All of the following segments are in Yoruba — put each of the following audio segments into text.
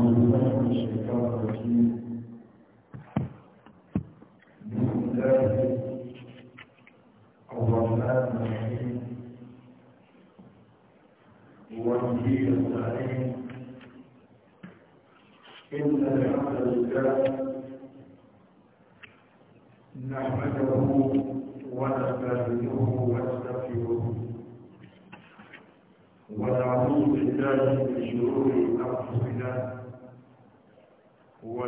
بسم الله الرحمن الرحيم إن الحمد لله نحمده ونستعينه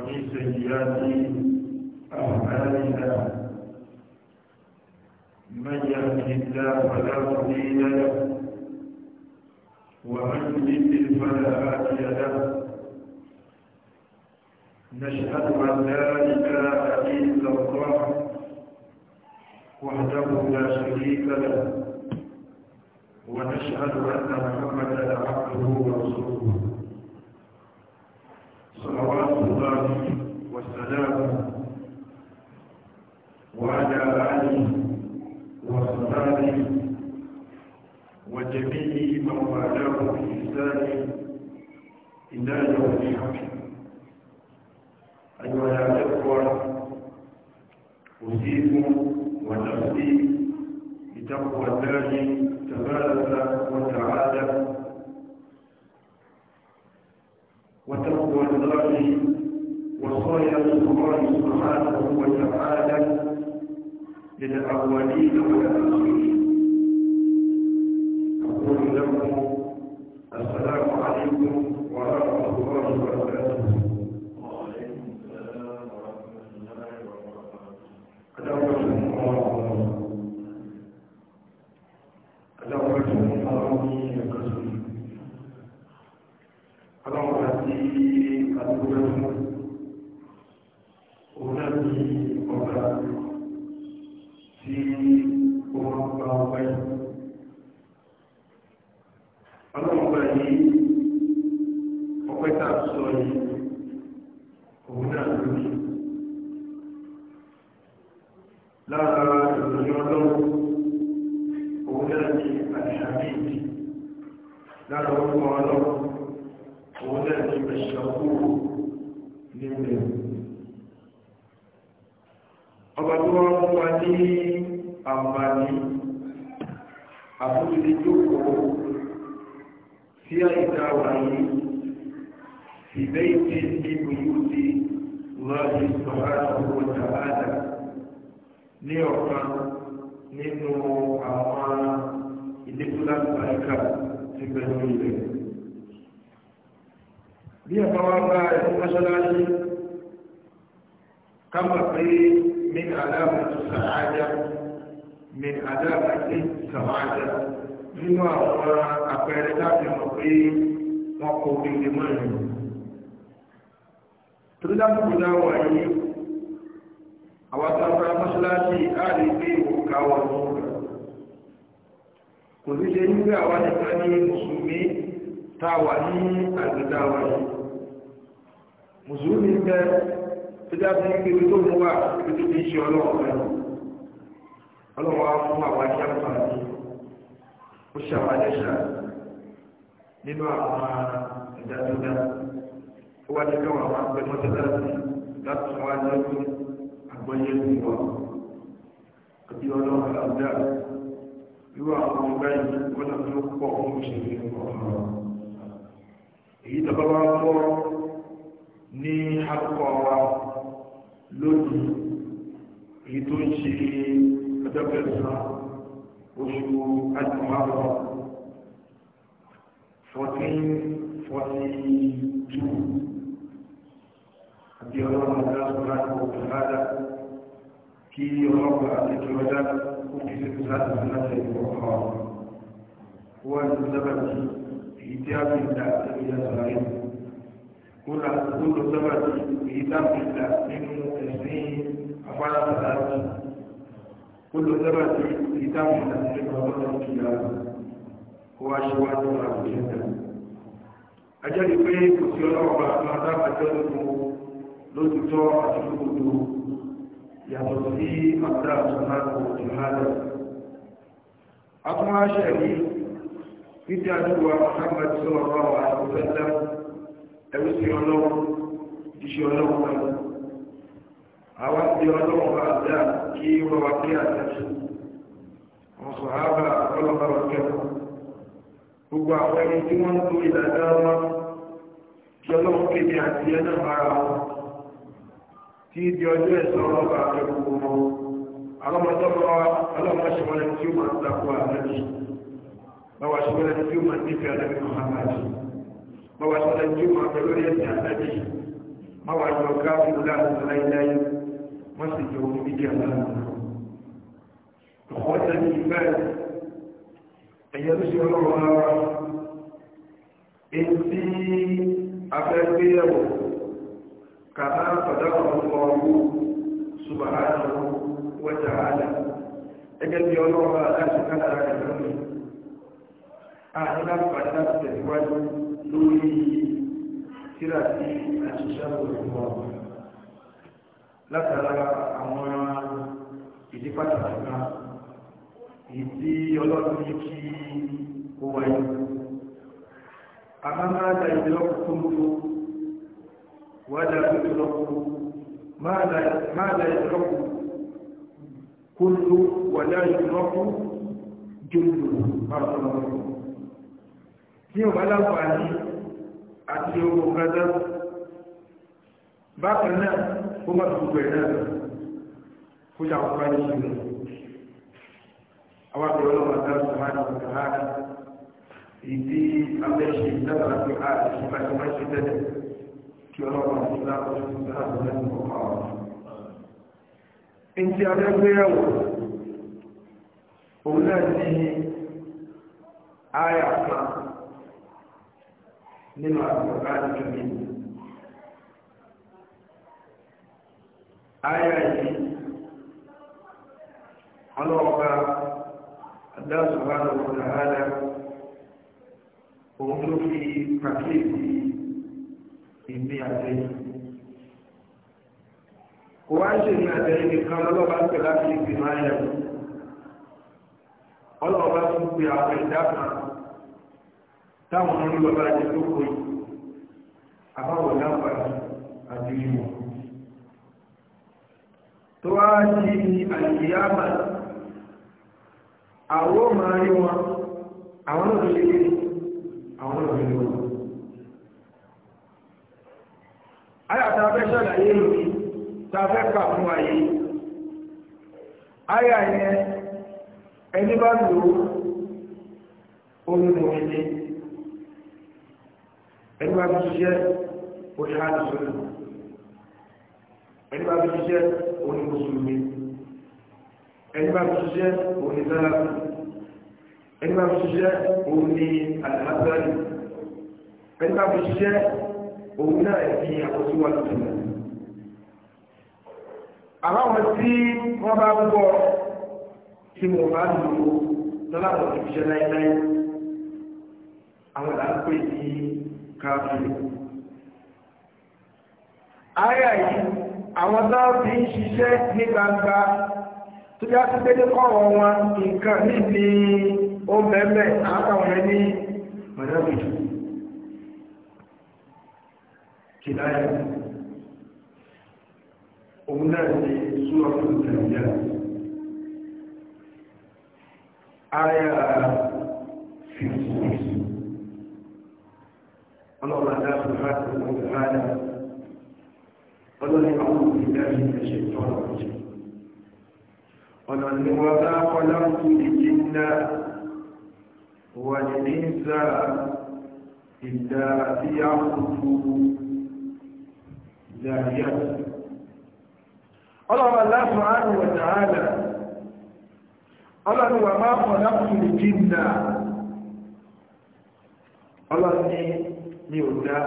وفي سيئات أعمالنا من يهده الله فلا مضل له ومن يضلل فلا هادي له نشهد أن لا إله إلا الله وحده لا شريك له ونشهد أن محمدا عبده ورسوله الله والسلام وعلى آله وصحبه وجميع من والاه بإحسان إلى يوم الحق أيها الأخوة أوصيكم ونفسي بتقوى الله تبارك وتعالى وتقوى الله وخير الله سبحانه وتعالى للأولين والآخرين أقول لكم السلام عليكم ورحمة الله méjì lára orúkọ ọlọ́run òun náà ní ìṣàkóso nínú ọba tó wọ́n fún wa ní àǹfààní àbúrúdé jókòó sí àyíká wa yìí ìbẹ́ ní ọ̀kan nínú àwọn ilé tó lálùbáríkà ti bẹ lórí rẹ̀ bí ẹ̀fọ́ wa bá ẹ̀fọ́ mọ́ṣáláṣí ká mọ̀ pé min alamatu sàájá min alamatu sàájá nínú àwọn àpẹẹrẹ láti mọ̀ pé wọ́n kọ oríire mọ́ ìlú torí lákòókò náà wà yìí kò sí ṣe nígbà wá nípa ní mùsùlùmí tá a wà ní àgbẹ̀dá wa yìí mùsùlùmí bẹ tó dábí ibi tó mú wà ibi tó fi ṣe ọlọ́wọ́ rẹ ọlọ́wọ́ á fún àwọn ajá fàánì ó ṣàwádé ṣá nínú àwọn ìdádúdá ó wá ní káwọn àwọn agbẹmọ́tò láti láti wá lọ́dún àgbọ́yé ìwọ̀ àbí ọlọ́wọ́ àbúdá irú àwọn ọgbà yìí wọ́n náà tó pọ̀ fún ìṣẹ̀lẹ̀ ọ̀hún èyí tọ́ba wá pọ̀ ní akọ wa lónìí èyí tó ń ṣe ọjọ́ kẹsàn oṣù àjùmọ̀lọ́ àbí ọlọ́run ọ̀dọ́ àti ọ̀dọ́ àti kí ọlọ́run àti ìjọba dáná. وحفظها سنة أخرى والسبب في كتاب الله إلى غيره كل كل سبب في كتاب الله من تسليم أفعال ثلاثة كل سبب في كتاب الله من رمضان القيامة هو شواذ الجنة ajẹ́rìí pé kò sí ọlọ́run bá máa dábàá jẹ́ lóko lójútọ́ àti lóko tó yàtọ̀ sí ọ̀dá àtúnmáàkù ìmáàlẹ̀. Akúnmá ṣẹ̀rí títí àdúgbò Muhammad ndị àtúnfẹ́lá ẹ̀rú sí ọlọ́run iṣẹ́ ọlọ́run náà. Àwọn ti ọlọ́run bá dá kí wọ́n wá pé àtẹ̀tù. Wọ́n sọ ábà ọlọ́ba wà kẹ́kọ̀ọ́. Gbogbo àwọn ẹni tí wọ́n ń tó ìdájọ́ wọn kí kéde àti wọn. tí di ọjọ́ ẹ̀sán ọlọ́pàá àjọ gbogbo wọn alọ́mọdọ́gbọ́ ọlọ́mọṣẹ́wọlẹ̀ tí ó máa ń takò àlẹ́jì báwa ṣẹ́wọlẹ̀ tí ó máa ń nífẹ̀ẹ́ àlẹ́bí muhammadu báwa ṣẹ́wọlẹ̀ tí ó máa ń bẹ lórí ẹ̀sìn àlẹ́bí báwa yọ káàkiri láàrín láíláí wọ́n كما قدره الله سبحانه وتعالى أجل يولوها لا سكنة كثيرا أعلم فأنا تتوال لوري كراتي أشيشان الله لا ترى أمونا ìdí pàtàkì kan èyí tí ọlọ́run ní kí ó wáyé. àmọ́ máa da ìdílọ́pù tó ń tó ولا يترك ما لا يترك كل ولا يترك جل مرة tí o bá láǹfààní àti owó gádá bákan náà ó má gbogbo ẹ̀ náà kó yà wọ́n bá ní ìlú àwọn àgbẹ̀ ọlọ́mọ àti àṣùmá ní ọ̀gá ààrẹ ìdí abẹ́ṣe ìdábàá àti ààrẹ ìṣẹ́fà ìṣẹ́fà ìṣẹ́fà kí ọlọ́run àti lápọ̀jù láàbọ̀ lẹ́nu ọ̀pá wọn. Ntí abẹ́gbéyàwó òun náà ní àyà kan nínú àgbọ̀ká nítorí. Àyà yìí ọlọ́ọ̀pá adáṣọ̀bá lọ́wọ́ làálẹ̀ òun ló fi pàkíyèsí èmi àtẹ̀yìn. kò wá ń ṣe ní àtẹ̀yìn nìkan lọ́lọ́ba ń pè láti ìgbìmọ̀ ayẹ̀wò ọlọ́ọ̀bá tún pe àwọn ẹ̀dá kan táwọn olùlọ́ba ti tó kọ yìí àbáwọ̀ láǹfààní àti ìwọ̀n. tó wá sí àìyáàmà àwọn máa rí wọn àwọn àwọn wọn. ayàtà fẹ́ ṣàlàyé yìí ta fẹ́ kà fún wa yìí ayà yẹn ẹni bá lò ohun mọ̀mìnì ẹni bá fi ṣiṣẹ́ òṣìṣẹ́ àdìsọ́nù ẹni bá fi ṣiṣẹ́ òní mùsùlùmí ẹni bá fi ṣiṣẹ́ òní sálàmù ẹni bá fi ṣiṣẹ́ òní àdìsọ́nù ẹni bá fi ṣiṣẹ́ òun náà di àwọn tí wọ́n ti mọ̀. àbáwọn tí wọ́n bá gbọ́ tí mo bá lò ó lọ́la kò ti fiṣẹ́ láíláí àwọn làá pè ní káfíìn. àyà yìí àwọn náà fi ń ṣiṣẹ́ ní gbangba tó bí a ti gbé ní kọ́rọ̀ wọn nǹkan níbi ó mẹ́mẹ́ àtàwọn ẹni mọ̀lẹ́bí kìláyà òun náà ni súra fún ìtàlíyà àyà fìfìfì ọlọ́run adáàbò láti ọmọ ìhàdà ọlọ́run àwọn olùdarí ẹ̀ṣẹ̀ tọ́lọ̀ ọ̀jẹ̀ ọ̀nà ni wọ́n bá kọ́lá fún ìjìnlá wà ní ní sáà ìdá tí a kò fún جاريات الله الله سبحانه وتعالى الله وما خلقت الجن الله ني ميودا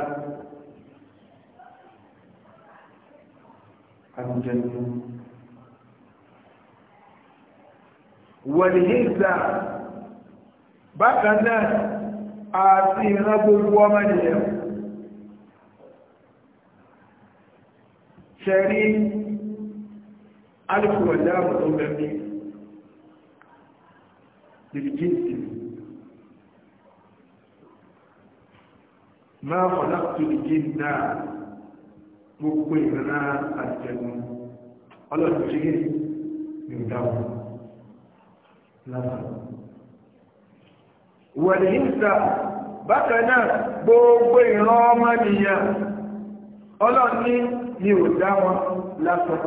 الجن والهزة بقنا àti ìran gbogbo ọmọ nìyẹn ṣẹ̀rí alìfòwàdá àbùtò bẹ̀rẹ̀ dìlìjíǹsì máa kọ̀lá tìlìjíǹdà gbogbo ìrìnà àjẹ̀gùn ọlọ́dún ìdáwọ̀ lásán wẹ̀lìhìnsà bákan náà gbogbo ìran ọmọ nìyà ọlọ́ni mi ò dá wọn lásán.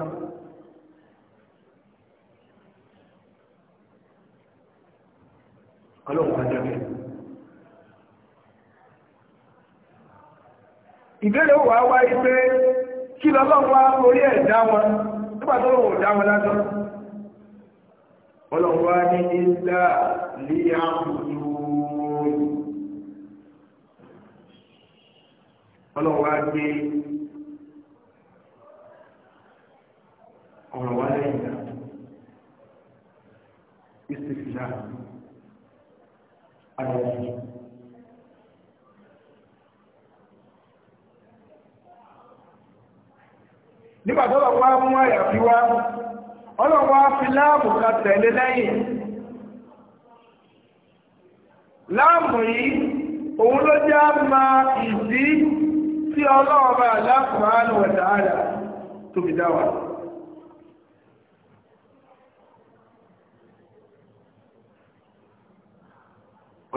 ọlọ́run ajá bẹ́ẹ̀. ìbéèrè wà wáyé pé kí lọ́lọ́run wá orí ẹ̀ dá wọn nígbà tó lọ́wọ́ dá wọn lásán. ọlọ́run ní ilá líyàmùdú ọlọ́run gbé ọ̀rọ̀ wá nígbà tó lọ wá mú àyàfi wá ọlọ́wọ́ fi láàmù kan tẹ̀lé lẹ́yìn láàmù yìí òun ló já máa ìdí tí ọlọ́ọ̀bà aláàfáà lọ́wọ́ dáadáa tó fi dá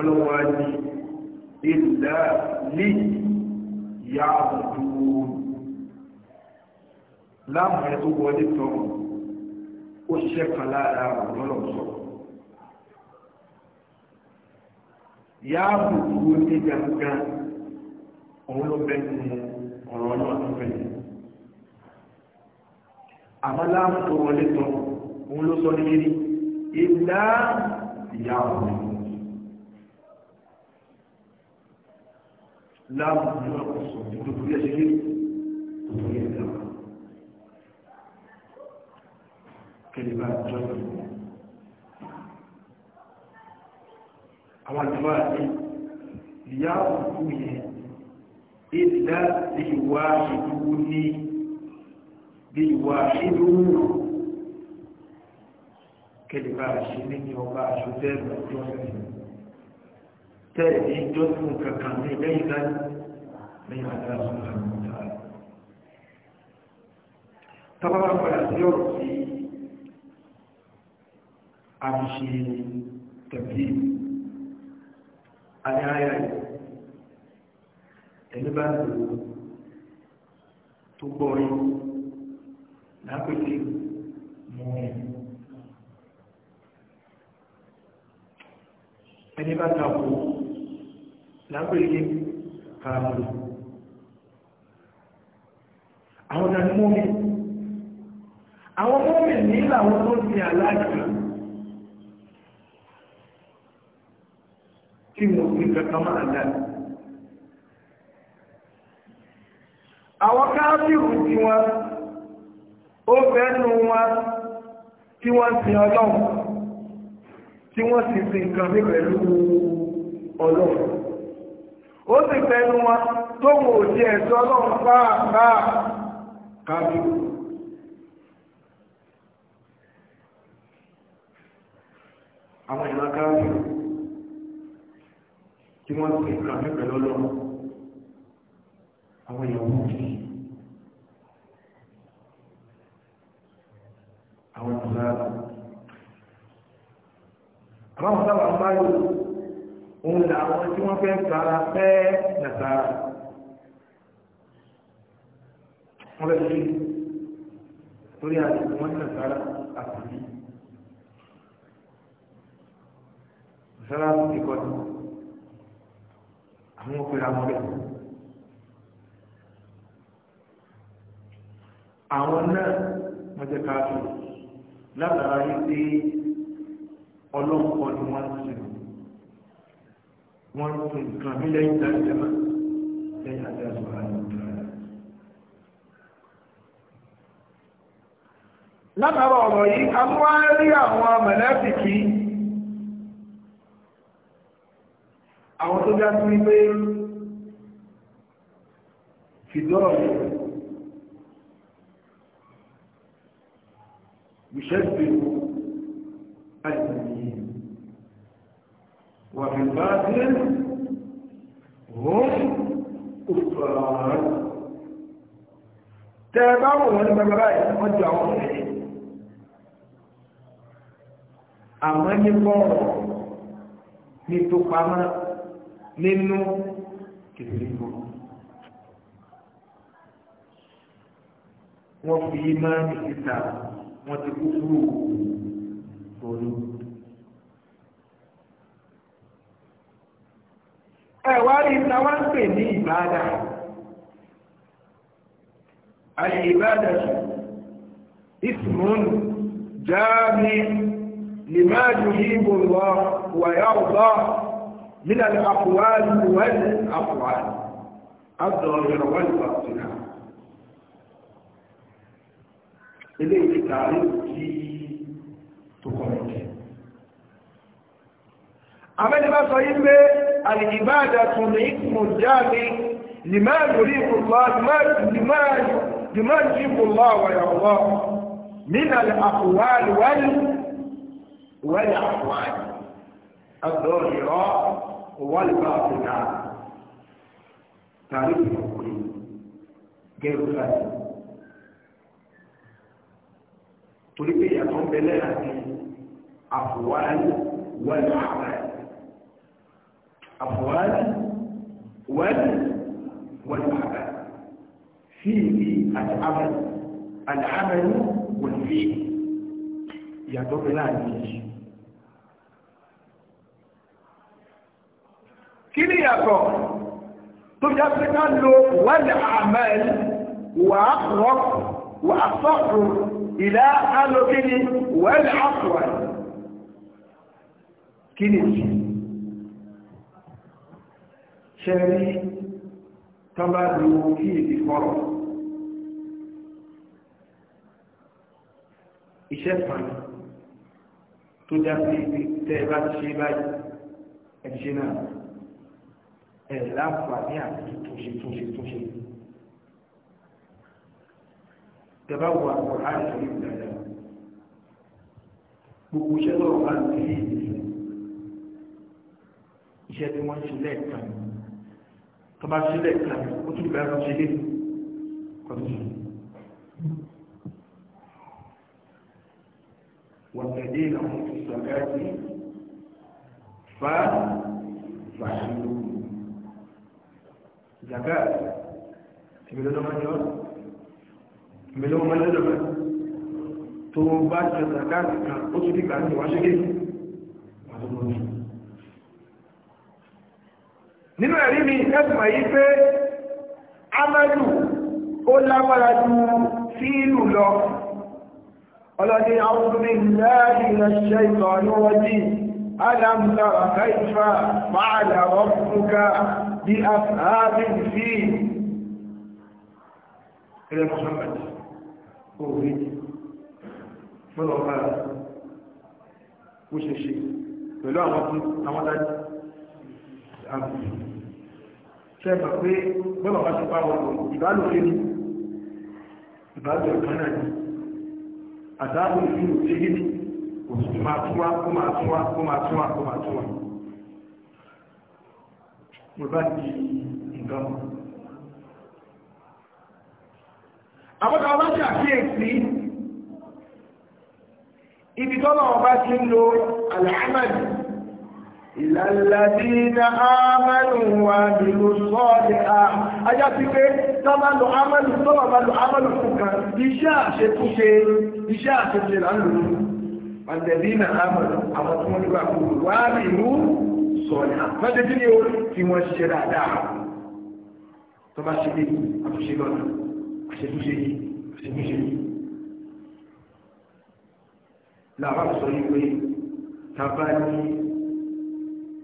ọlọ́wọ́ ní ìlà lè yà àbùdó láàmù ẹ̀ tó wọlé tán ó ṣiṣẹ́ kan lára àwọn ọlọ́sọ yà àbùdó ní gangan òun ló bẹ nínú ọ̀rọ̀ ọlọ́run àmọ́ láàmù tó wọlé tán òun ló sọ ní rírí ìlà ìyá láàmù ní ọ̀pọ̀ sùn ní gbogbo bí ẹ ṣe rí gbogbo yẹn lọ. kẹ́lẹ́ bá jọ ìlú. àwọn àjọba àti ìyá òkú yẹn ìdá ìwà ìdúró ní bí ìwà ìdúró kẹ́lẹ́ ṣe ní ọba àṣọ tẹ́lẹ̀ ọjọ́ tẹ́ẹ̀dì ìjọsìn kankan ní lẹ́yìn láti lẹ́yìn àdá sọ́nà mọ́ta rẹ̀. tọ́bàbà padà sí ọ̀rọ̀ sí àfiṣe tẹ̀bí ayáyá ẹni bá lò tó gbọ́ yìí lápẹ́tẹ́ mọ́ ẹ̀. ẹni bá takò lágbé ilé karamọ́lù àwọn ọ̀nà mọ́mí àwọn mọ́mí ní ìlàwọ́ tó ti aláàjì tí mo fi kankan máa dáni àwọn káàkiri tí wọ́n ó fẹ́nu wọn tí wọ́n sin ọlọ́run tí wọ́n sì sin nǹkan bí pẹ̀lú ọlọ́run ó sì fẹnu wọn tóun ò di ẹ̀sọ́ ọlọ́run pàápàá kábí. àwọn ìran kábí tí wọ́n ti pẹ̀lú ọlọ́run àwọn ìyàwó àwọn àwọn òun làwọn tí wọ́n fẹ́ sara fẹ́ nàṣàrà wọ́n fẹ́ ṣe torí àtìkù wọn nàṣàrà àtìkù nàṣàrà ti kọ́ ni àwọn òpèrè àwọn bẹ́ẹ̀. àwọn náà wọ́n jẹ́ káàkiri látara yìí pé ọlọ́nkọ ni wọ́n ti wọ́n ń fún nǹkan bí lẹ́yìn tá ìjọba lẹ́yìn àti àṣùwà àyọ̀kà. látara ọ̀rọ̀ yìí a mú wá rí àwọn mẹ̀lẹ́fìkì àwọn tó já sí wípé fìdọ́ọ̀lù ìṣẹ́gbẹ̀rún àìsàn yìí وفي الباطل هم كفار تابعوا من المبرأة وجعوا àmọ́ ní bọ́ọ̀rọ̀ ní tó pamọ́ nínú kìtìrì gbòòrò wọ́n fi yí máa ń fi ta wọ́n ti kú kúrò gbòòrò. ẹ̀wárí ta wá ń pè ní ìbáadà àyè ìbáadà ṣe jami limadu yibo lọ wàyá ọ̀dọ́ nínà ní àpòwárí wẹ́lì àpòwárí wẹ́lì pàtìlá ilé ìtàrí tí tó àmẹ́ni bá sọ yí pé àlìyìbáàdà tún ní ìkùnmù jáde lìmáàrùn-ún-ìkùnlọ́ àwàyàwọ́ nínà àkùwàlì wáyé wáyé àkùwàlì àdọ́rìrọ́ wáyé bá fìdá tàbí ìfòkúrí gẹ́rù láti torí pé ìyàtọ̀ ń الضلال وال والمحبة فيه العمل العمل والفيه يا ضلال فيه كيف يكون تبقى تقول له والعمل وأقرب وأصح إلى قالوا كني والأقوى كني ṣe rí tọ́bá lu kí èdè kọ́rọ̀ iṣẹ́ kan tó já sí ibi tẹ́ ẹ bá ti ṣe báyìí ẹ̀ ṣe náà ẹ̀ láǹfààní àti túnṣe túnṣe túnṣe tẹ́bá wọ àwọn àìsàn ìlú dáadáa gbogbo iṣẹ́ lọ́wọ́ bá ń tẹ̀lé ìṣẹ́ tí wọ́n ṣe lẹ́ẹ̀kan yìí tó bá ṣe lẹ̀ kan ó tún bẹ̀rẹ̀ ṣe lé kọ́tùsùn. wọ̀tẹ̀dé àwọn ìsọ̀gáàtì fa fàṣírò zaga ìgbẹ̀lódọ́mọ́jọ́ ìgbẹ̀lódọ́mọ́jọ́ tó bá ṣe zaga kan ó tún dìgbà ní wáṣẹ́gẹ́ wàtúmọ̀tún nínú ẹ̀rí mi ẹ̀sùn yìí pé amadu ó lágbára ju fíìlù lọ ọlọ́dẹ àwọn obìnrin láàrin ìrẹsẹ̀ ìtọ̀ ní wọ́n dín ألم تر كيف فعل ربك بأصحاب الفيل إلى محمد أريد ṣẹ́bà pé bọ́bà bá ti pàwọ̀ ìbálò lé ní ìbálò ìkánà ní àdáàbò ìfìlò tí yí ní òtútù máa túnwá kó máa túnwá kó máa túnwá kó túnwá mo bá di nǹkan mọ́ àbọ́ta ọba ṣe àkíyèsí ibi tọ́lọ̀ ọba ti ń lo àlàámàdì إلى الذين آمنوا وعملوا الصالحات ajá sí pé tọ́bá lọ amẹ́lù tọ́bà bá lọ amẹ́lù fúnkan iṣẹ́ àṣetúnṣe iṣẹ́ àṣetúnṣe là ń lò ó àtẹ̀lẹ́nà amẹ́lù àwọn tí wọ́n ní wà kúrò wà á lè mú sọ̀rọ̀ àpẹẹrẹ tí ní o tí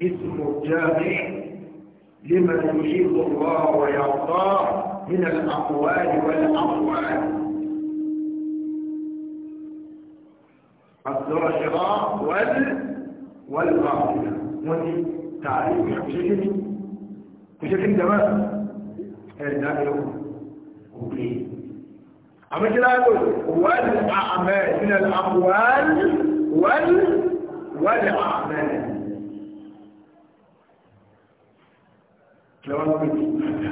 اسم جامع لمن يحب الله ويرضاه من الأقوال والأقوال الظاهرة وال والباطنة ودي تعريف بشكل بشكل تمام الدائرة وبيه أما كده والأعمال من الأقوال وال والأعمال lọ́wọ́ pé ní ìbáda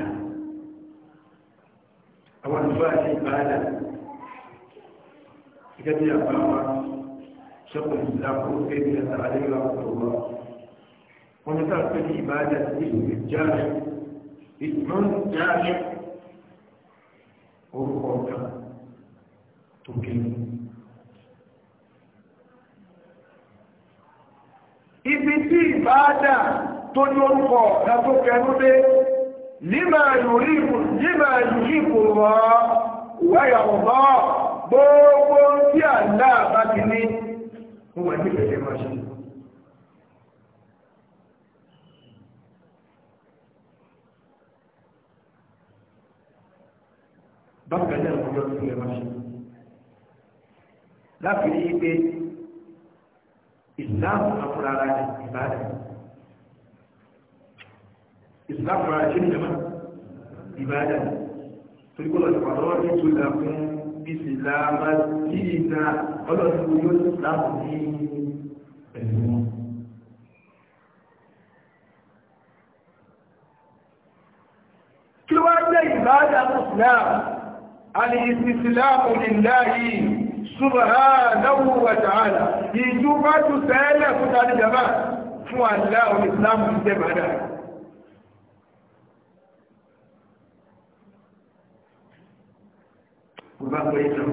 àwọn àlùfáà ní ìbáda gẹ́gẹ́ bí àbáwá sọ́kùn ìdáko ẹni àtàlẹ́ ìlà ọ̀tọ̀wọ́ wọn ní sáà pé ní ìbáda sí ìjáàrí ìtàn jáàrí orúkọ ọ̀gá tó kéwì. ibi tí ìbáda tó ní orúkọ ọ̀gá tó kẹnu dé nígbà yìíkò rọ wáyà ọ̀gá gbogbo tí àdá bá ti ní wọ́n wà ní kẹ̀kẹ́ máa ṣe láti rí i pé ìsìláàmù ìbáraẹ̀ islam rárá ṣe ní jama ìbáyà torí kó lọ sí pàtó wọn tó là fún bísí láàmà tí ìta ọlọ́sí yóò sí islam ní ẹ̀sìn wọn. kí ló wá jẹ́ ìbáyà islam al-istislam lillahi subhanahu wa ta'ala ìjú bá tún sẹ́lẹ̀ fún tani jama fún àdá omi islam ti jẹ́ bàdà. kò bá gbọ́ ìjọ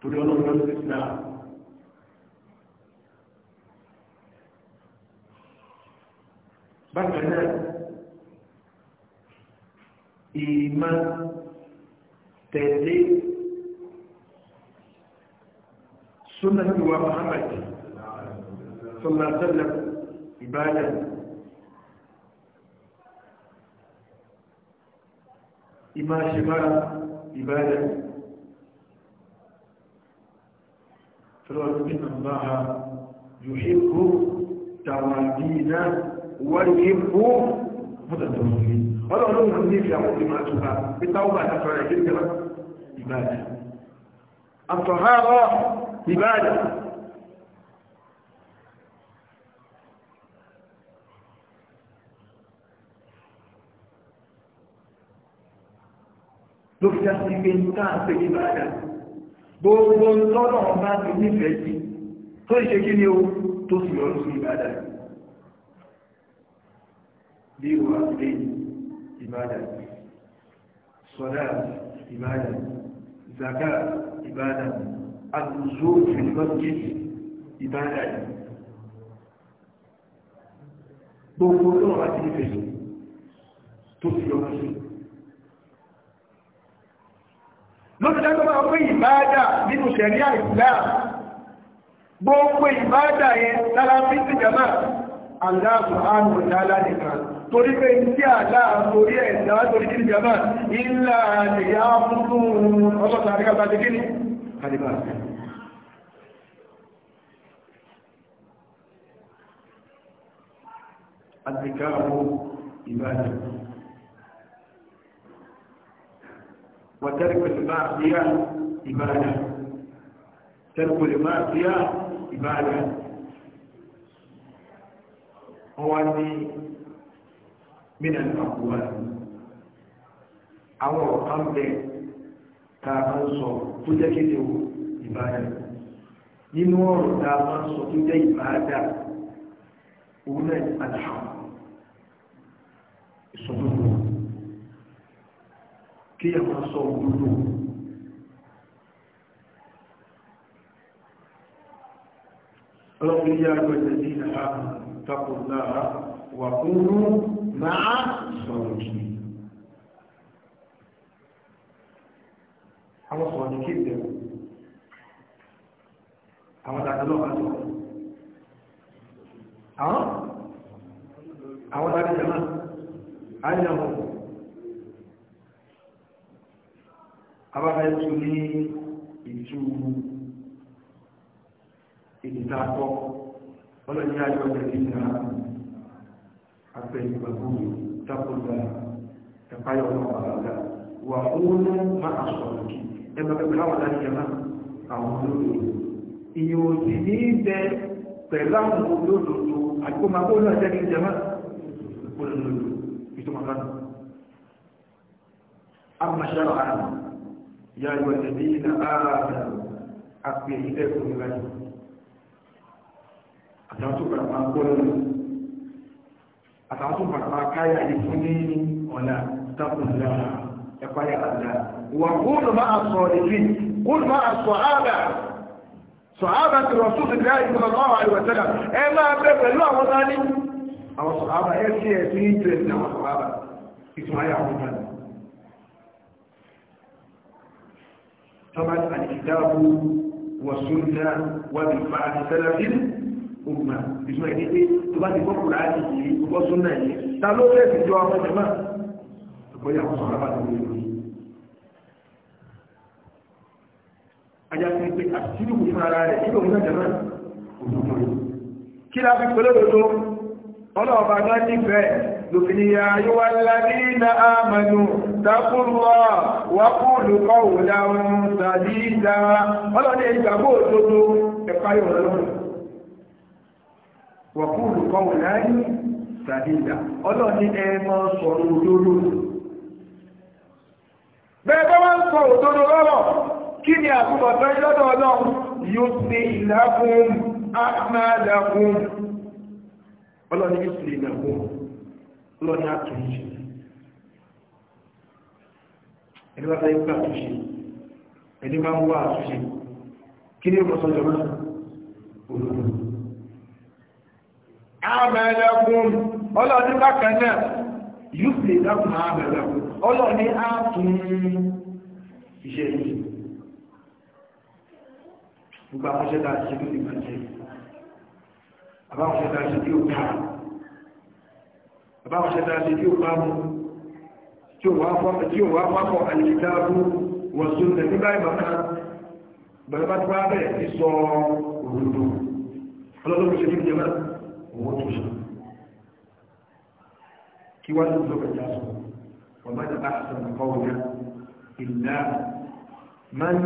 torí ọlọ́run ló ti sá. bákan náà ìmọ̀ tẹ̀lé súnà ní wa Muhammad sọlá sọlá ìbáyà. ìmáṣe máa عبادة فالرب إن الله يحب تواجدين ويحب متدرسين ولو لم نزيف يا رب ما تفعل بالتوبة تفعل كلمة إبادة الطهارة إبادة نفتح níbi nǹkan àti ìbàdà gbogbo lọ́nà ọba ti nífẹ̀ẹ́ sí tó ìṣe kí ni ó tó sì lọ sí ìbàdà bí wà lè ìbàdà sọ́dá ìbàdà zaka ìbàdà àtúnṣó ìfẹ̀lẹ́gbọ́sí ìbàdà gbogbo lọ́nà ọba ti nífẹ̀ẹ́ sí tó sì lọ sí ìbàdà lóòtọ́ tó máa pé ìbáadà nínú ṣẹ̀ríà ìsìláà gbogbo ìbáadà yẹn lára bí ti jama aláàbò àrùn ìdáàlá nìkan torí pé tí aláàbò orí ẹ̀dá torí kí ni jama ilá àlèyà fúnfún ọlọ́sàn àríkà وترك المعصية عبادة ترك المعصية عبادة هو من الأقوال àwọn ọ̀kan bẹ ta bá ń sọ tó jẹ́ kéde o ìbáyà nínú ọ̀rọ̀ ta bá ń sọ tó jẹ́ ìbáyà òun náà àtàwọn ìsọdún kí ẹ máa sọ òdodo ọlọ́pìn yá gbẹ̀dẹ̀ ní ìhà takùnlá wà kúrú máa sọ̀rọ̀ kí àwọn sọ̀rọ̀ ní kí ìbẹ̀rù àwọn dàdúlọ́ àjọ àwọn dàdúlọ́ àjọ abáfẹ́ tún ní ìtú ìdìta àtọ́ ọlọ́ni ayọ́ ìrìn ní àpẹẹrẹ ìgbàgbọ́ tápọ̀lá ẹ̀páyọ̀ ọmọ àgbà wà fún máa sọ̀rọ̀ kí ẹ máa pẹ̀lú àwọn aláṣẹ náà àwọn olóòrò ìyẹn ò sì ní bẹ pẹ̀lú àwọn olóòrò àgbọ̀mọ̀gbọ̀ náà jẹ́ kí n jẹ máa olóòrò ìtumọ̀ náà. أما يا أيها الذين آمنوا أقبل إليكم الغيب àtàwọn tó gbàgbà gbọ́dọ̀ àtàwọn tó gbàgbà káyà ìfún ní ọ̀nà tábùlá ẹ̀kọ́yà àdá wà kúrò máa sọ ìfì kúrò máa sọ ààbà sọ ààbà tí wọ́n tó fìdí láì gbọ́dọ̀ máa wà ìwọ̀tẹ́lá ẹ máa bẹ pẹ̀lú àwọn sáà ní àwọn sọ ààbà ẹ sí ẹ̀ sí ìtẹ̀ẹ̀sì àwọn sọ ààbà ìtumọ̀ ayé àwọn náà طبعا الكتاب والسنة وبالفعل سلف أمة بسم الله إيه تبقى تفكر العادي دي تبقى السنة دي تعالوا في الجواب يا تقول يا صحابة ajá fi pé àtìlú kò fún ara rẹ̀ kí lóun náà jẹ́mọ́ òdòdó kí láti pẹ̀lú òdòdó ọlọ́ọ̀bá náà nífẹ̀ẹ́ لفنيا أيها الذين آمنوا اتقوا الله وقولوا قولا سديدا ولا نجابوا تدو إقاية ولون وقولوا قولا سديدا ولا نجابوا صلوا bẹ́ẹ̀bẹ́ wọ́n sọ òdodo lọ́rọ̀ kí ni àkúbọ̀tọ́ ìlọ́dọ̀ ọlọ́run yóò sí ìlàkùn àmàdàkùn ọlọ́run yóò sí ìlàkùn lọ ní àtúnṣe ẹni bá sáyé pé àtúnṣe ẹni bá ń wá àtúnṣe kí ní ọmọ sọjọ mọ́sán olùdó àmẹ́lẹ́kùn ọlọ́dún bákan náà yóò lè dákùn àmẹ́lẹ́kùn ọlọ́ni àtún iṣẹ́ yìí gbogbo àwọn ṣẹ́ta ṣe tó lè máa jẹ́ àbáwọn ṣẹ́ta ṣe tí ó dáa àbáwọn ṣẹta lè tí ó bá mú tí ó wá pápọ̀ àlìkítàbù wọ́n súnlẹ̀ nígbà ìmọ̀ká bẹ̀rẹ̀ bá ti wá bẹ̀rẹ̀ sí sọ òdòdó ọlọ́lọ́run ṣe níbi jẹmọ́ owó tó ṣe kí wá lóòótọ́ bẹ̀rẹ̀ já wọ́n má dábàá àṣà nǹkan òyà ìlà man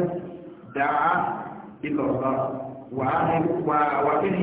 dáa ìlọ̀ọ̀lọ́ wàá wà kíni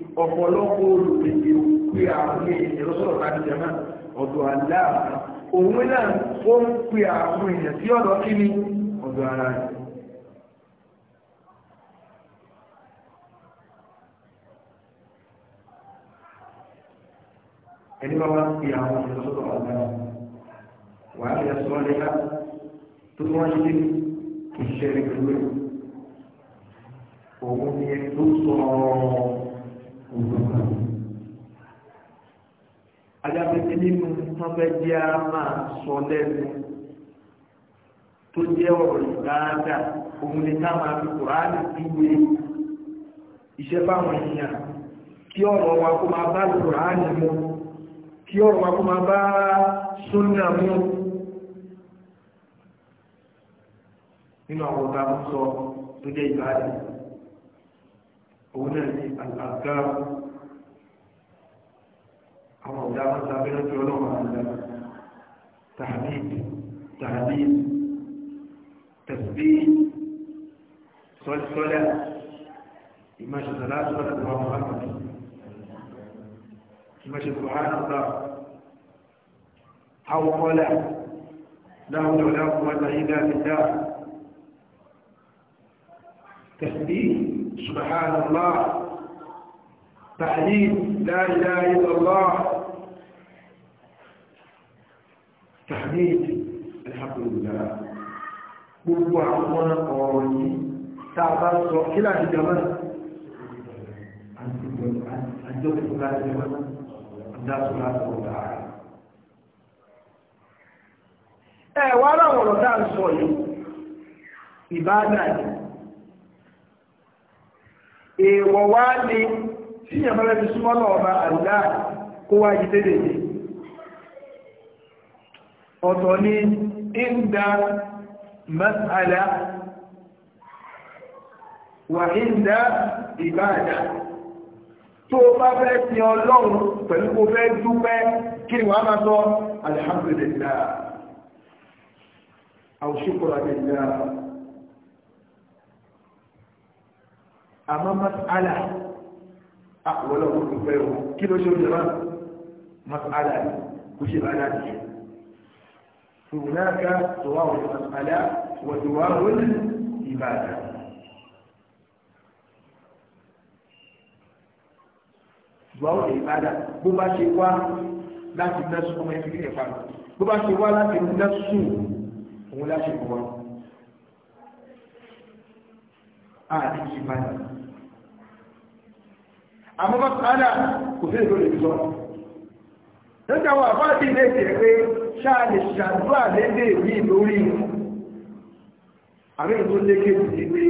ọ̀pọ̀lọpọ̀ olùdíje pé àwọn èèyàn lọ́sọ̀rọ̀ láti jẹ ọ̀dọ̀ aláà òun náà ó ń pè àwọn èèyàn tí ọ̀dọ̀ kí ni ọ̀dọ̀ ara rẹ̀ ẹni bá wá pè àwọn èèyàn lọ́sọ̀rọ̀ ọ̀dọ̀ wàá lè tó wọ́n ṣe kì í agbẹ́sẹ̀ nínú wọn jẹ́ a máa sọ lẹ́nu tó jẹ́ ọ̀rọ̀ ìdáadá òun ni ká máa fi kùránì ìwé iṣẹ́ báwọn èèyàn kí ọ̀rọ̀ wa kó máa bá kùránì mu kí ọ̀rọ̀ wa kó máa bá súnà mu nínú àwọn ọ̀gá sọ tó jẹ́ ìbáraẹni. òun náà ní àgbà àwọn ọ̀gá mọ́ta abẹ́rẹ́ tí ọlọ́run àgbà tàbíd tàbíd tẹ̀sí sọ́lẹ̀ ìmọ̀ṣẹ̀sọ̀ láti bá tẹ̀sí wọn wọn ìmọ̀ṣẹ̀sọ̀ hàn ọ̀gá àwọn ọlẹ́ láwọn ọ̀gá wọn ìlà ìdá تسبيح سبحان الله تحليل لا إله إلا الله تحميد الحمد لله gbogbo àwọn ọ̀rọ̀ yìí tàbá sọ kí láti jẹmọ́ àjọ́kùn láti jẹmọ́ àjọ́kùn láti ọ̀dá ẹ̀wà aláwọ̀rọ̀ dáa sọ yìí ìbáadà yìí èèwọ̀ wá ní tí ìyàmọ́lẹ́ ti súnmọ́ náà ọba àdá kó wá yìí tẹ́lẹ̀ yìí ọ̀tọ̀ ní ìdá mẹ́sàlá wà ìdá ìbáàdà tó bá fẹ́ ti ọlọ́run pẹ̀lú kó fẹ́ dúpẹ́ kí ni wàá máa sọ alhamdulillah àmọ́ mas'ala àwọlọ́ ah, òkú fẹ́ o kí ló ṣe ó jẹba mas'ala kò ṣe bá láti ṣe fúnnáka tòwáwò mas'ala wà tòwáwò ìbàdà tòwáwò ìbàdà bó bá ṣe wá láti nẹ́sùn ọmọ ẹ̀fí ẹ̀fà bó bá ṣe wá láti nẹ́sùn òun láṣẹ kọ̀wá àti ìbàdà àmọ́ mọ́sánà kò sí ètò ìjọ lọ́jà wà bá sí ilé ìṣẹ̀ pé ṣáà lè ṣàdúrà lédè ní lórí àmì tó lékè sí pé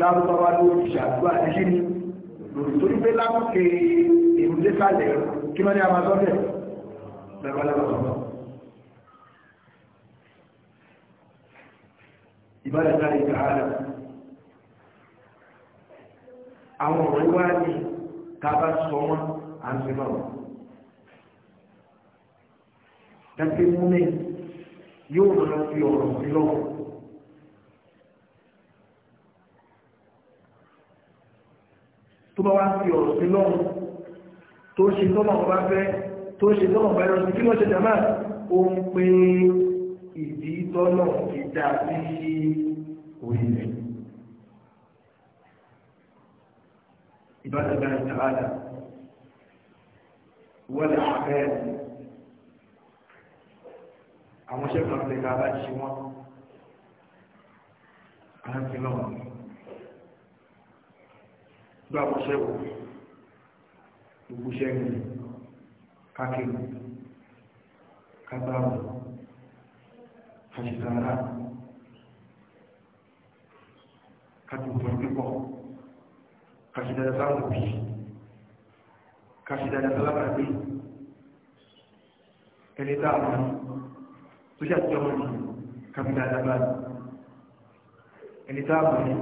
lárúbáwá ló ti ṣàdúrà léṣí ní lórí torí pé lápùkè èrò lésàlẹ̀ kí wọ́n ní amazọ́lẹ̀ lẹ́gbàlẹ́gbàlọ́ ìbáraẹ̀ta ìgbà ààrẹ àwọn ọ̀rẹ́ wá ní tá a bá sọ wọn à ń sin lọ́wọ́. Dàbí múmi yóò máa fi ọ̀rọ̀ sí lọ́wọ́. Tó bá wá fi ọ̀rọ̀ sí lọ́wọ́ tó ṣe tọ́lọ̀ ọba fẹ́ tó ṣe tọ́lọ̀ ọba ẹ̀rọ sí kí lọ́ṣẹ̀ jàmáà ó ń pe ìdí tọ́lọ̀ fi dá sí عباد الله تعالى والأعمال àwọn ṣẹ́gun ọ̀sẹ̀ ká bá ṣe wọ́n à ń fi lọ́wọ́ gbọ́ àwọn ṣẹ́gun gbogbo ṣẹ́gun kákìlì kábàáwò kàṣìkàrà kàtùkù pípọ̀ ká ṣe dáadáa sáwọn òbí ká ṣe dáadáa sálábà gbé ẹni tá a mọ̀ ní tó ṣe àtijọ́ wọn ní ká fi dáadáa bá ní ẹni tá a mọ̀ ní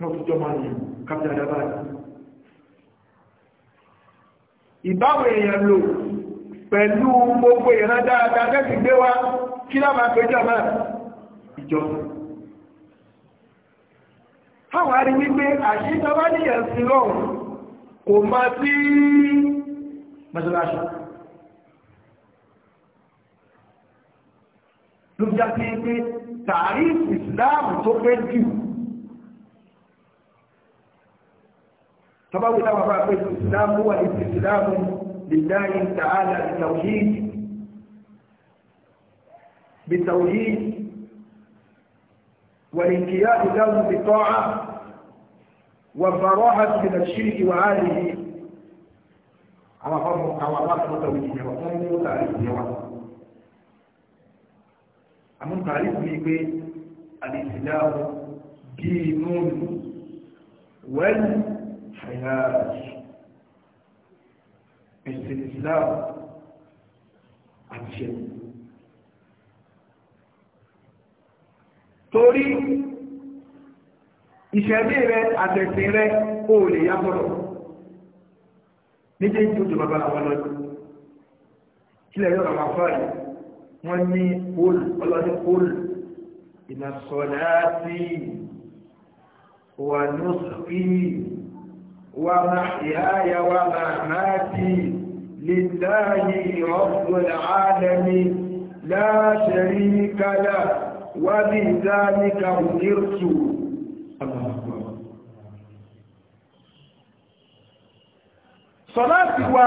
wọ́n tó jọ́ wọn ní ká fi dáadáa ìbáwọ̀ èèyàn lò pẹ̀lú gbogbo ìran dáadáa tẹ́sí gbé wa kí láwọn àpéjọ náà ìjọba táwà rí wípé àṣíjọba ní ẹ̀sìn lọ́wọ́ kò má sí mẹ́sàlásì ló já sí pé tàrí ìsìláàmù tó pé jù tọ́bá wùdá wà bá pé ìsìláàmù wà ní ìsìláàmù lillahi ta'ala bitawhid bitawhid والانقياد له بالطاعة والبراءة من الشرك وآله على فرق على فرق متوجه وقوم وتعريف جواب àmọ́ tààrí fún mi pé alìsìláàmù bí torí ìṣẹ̀lẹ̀ rẹ àtẹ̀sìn rẹ ó lè yàtọ̀rọ̀ méjèèjì tó jọba bá wọn lọ́dún kílẹ̀ yọ̀rọ̀ máa fọ́ ẹ̀ wọ́n ní pólù ọlọ́dún pólù ìnà sọ̀láàtì wà nùsùkì wà máa yáyà wà máa máa tì lìláyìí ọ̀gbọ̀n wà bí ìdáníkà òkèrtù sọ̀láti wa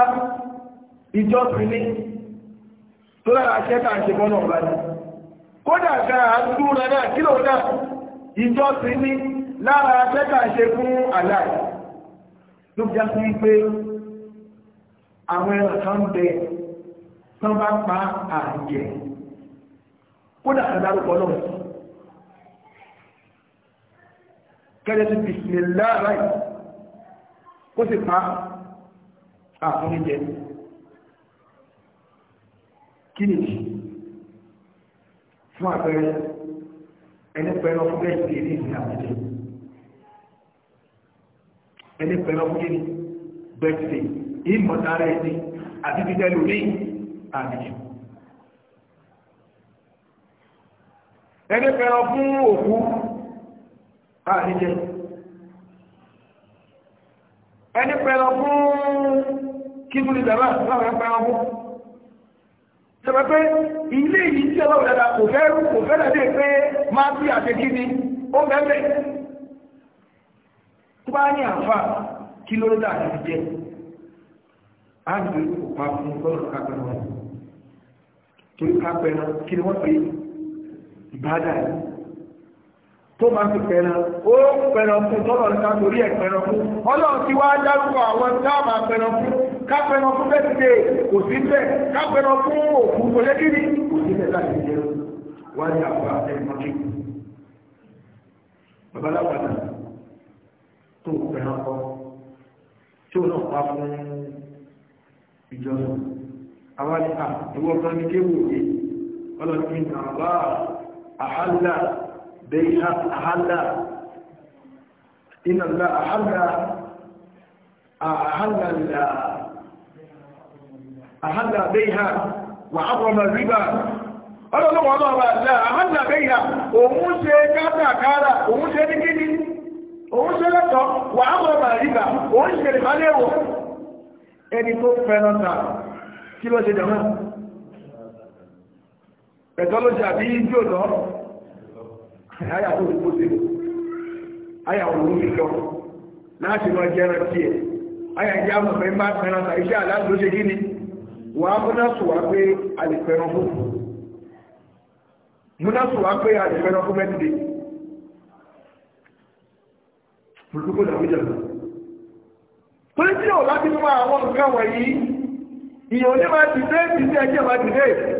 ìjọsìn ní tó lára ṣẹ́ta ṣe mọ́nà ọ̀bá ní kódà gáà dúró náà kí lò náà ìjọsìn ní lára ṣẹ́ta ṣe fún aláì ló já sí pé àwọn ẹ̀rọ kan bẹ tán bá pa àjẹ́ kódà kan dárúkọ náà kẹ́lẹ́ ti bìsìnlá ráì kó sì pa àfúnijẹ kí nìyí fún àpẹẹrẹ ẹni pẹ̀lú fún bẹ́ẹ̀ ti rí ìsìn àbújẹ ẹni pẹ̀lú fún kíni bẹ́ẹ̀ ti ìmọ̀tara àti bíbẹ́ lórí àbújẹ ẹni fẹ́ràn fún òkú àníjẹ ẹni fẹ́ràn fún kíkúrú ìjàmbá láwọn ẹni fẹ́ràn fún sọ̀rọ̀ pé ilé yìí tí ọlọ́run dada kò fẹ́ rú kò fẹ́ dàdé pé máa bí àtẹ́kí ni ó mẹ́mẹ́ tó bá ní àǹfà kí ló dà ní jẹ́ á ń gbé òpá fún lọ́rùn kápẹ́rán torí kápẹ́rán kí ni wọ́n pè é ìbádà yìí tó máa fi pẹ̀rẹ̀ ó pẹ̀rẹ̀ fún tọ́lọ̀ nípa torí ẹ̀ pẹ̀rẹ̀ fún ọlọ́run ti wá dárúkọ àwọn tá a máa pẹ̀rẹ̀ fún ká pẹ̀rẹ̀ fún bẹ́ẹ̀ kò sí bẹ́ẹ̀ ká pẹ̀rẹ̀ fún òkú kò lé kíni kò sí bẹ́ẹ̀ láti jẹ́ wá ní àwọn àtẹnumọ́kì babaláwàdà tó pẹ̀rẹ̀ kọ́ tí ó náà pa fún ìjọsìn àwọn àti àwọn ìwọ̀n ní kéwòye ọlọ́run ti ń أحل بيها أحل إن الله أحل أحل أحل بيها وحرم الربا ọlọ́lọ́wọ́ ọlọ́wọ́ ọba àdá àhánà bẹ́yà òun ṣe kátàkárà òun ṣe ní kíní òun ṣe lẹ́tọ̀ wà á mọ̀ màríbà òun ṣe lè má léwò ẹni tó fẹ́ràn ta kí ló ṣe jọmọ́ technology àbí ijó lọ àyà tó dùkú sí àyà òun ní lọ láti lọ jẹ́rẹ̀ tí ẹ̀ àyà jẹ́ àmọ̀ má pẹ̀rẹ̀ ta iṣẹ́ aláàbò ṣe kí wà á pé a lè pẹ̀rẹ̀ fún múnásù wá pé a fún mẹ́tìdì pùrùkú ma tó ní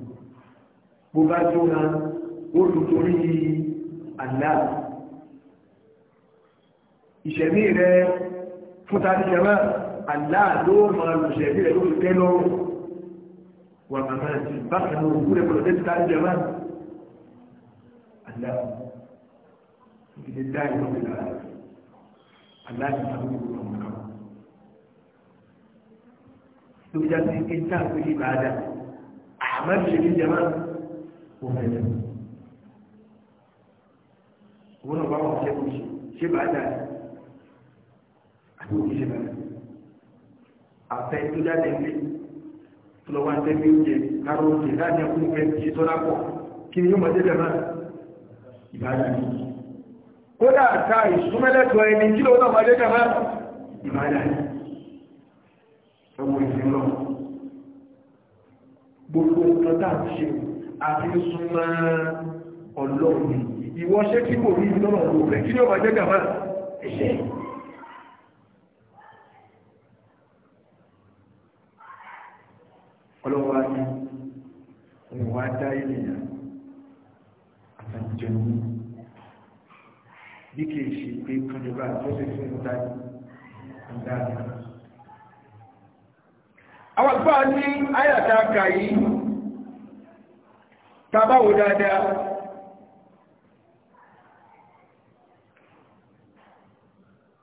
bó bá jóra ó lù torí àlá ìṣẹ̀mí rẹ fúta ní ṣẹ̀mọ́ àlá ló máa lù ṣẹ̀mí rẹ ló fi tẹ́ lọ́rùn wà màmá ti bákan náà òkú rẹ pọ̀lọ́tẹ́ ti ká ní ṣẹ̀mọ́ àlá ìdílé dá ìlú ìlà àlá ìlú ìlú ọ̀nà ló já sí ìta pé ìbáadà àmọ́ ìṣèlú jẹ́ máa kó fẹ́ lẹ́ owó náà wọn ṣe kó ṣe ṣe bá dà àti òkè ṣe bá dà àfẹ tó jáde ńlẹ tó lọ wá ń oúnjẹ káró oúnjẹ láti ẹkún fẹ́ ṣe tọ́lá pọ̀ kí ni yóò máa dé dẹ̀mọ́ ìbára ni kódà ká ìsúnmẹ́lẹ́tọ̀ ẹni kí ló náà máa dé dẹ̀mọ́ ìbára ni ọmọ ìfẹ́ náà gbogbo nǹkan tá à ń àti súnmọ́ ọlọ́run ìwọ ṣé kí kò rí lọ́nà ọ̀rọ̀ rẹ̀ kí ni ó bá jẹ́ gàmá ẹ̀ṣẹ̀ ọlọ́wọ́ á ní òun wá dá ènìyàn àtàjẹun bí kìí ṣe pé kọjọba àtọ́sí fún ìta ìdáàbò àwọn àgbà ní àyàtà kàyí tàbáwò dáadáa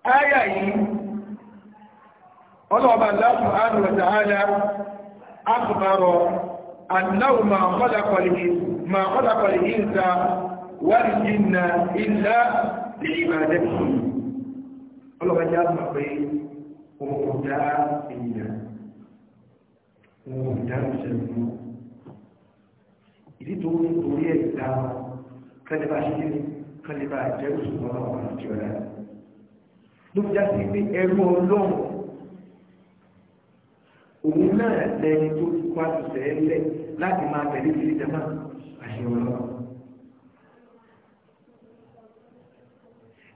áyà yìí ọlọ́ọ̀bà láàrín àrùn ọ̀tàhálà akùbárọ̀ annáwò ma kọ́lápàlì ìsà wáyé jìnnà ilá lè ìbàdẹ̀ ọlọ́ọ̀bà jẹ́ àmà pé òun dá nítorí orí ẹ̀dá kẹlẹ́bà ṣe ní kẹlẹ́bà jẹ́rù ṣùgbọ́n àwọn àjọ rẹ̀ ló fi já sí pé ẹrú ọlọ́run òun náà lẹni tó kó àtúnṣe ẹ lẹ láti máa tẹ̀lé ìdílé jama àṣẹ ọlọ́run.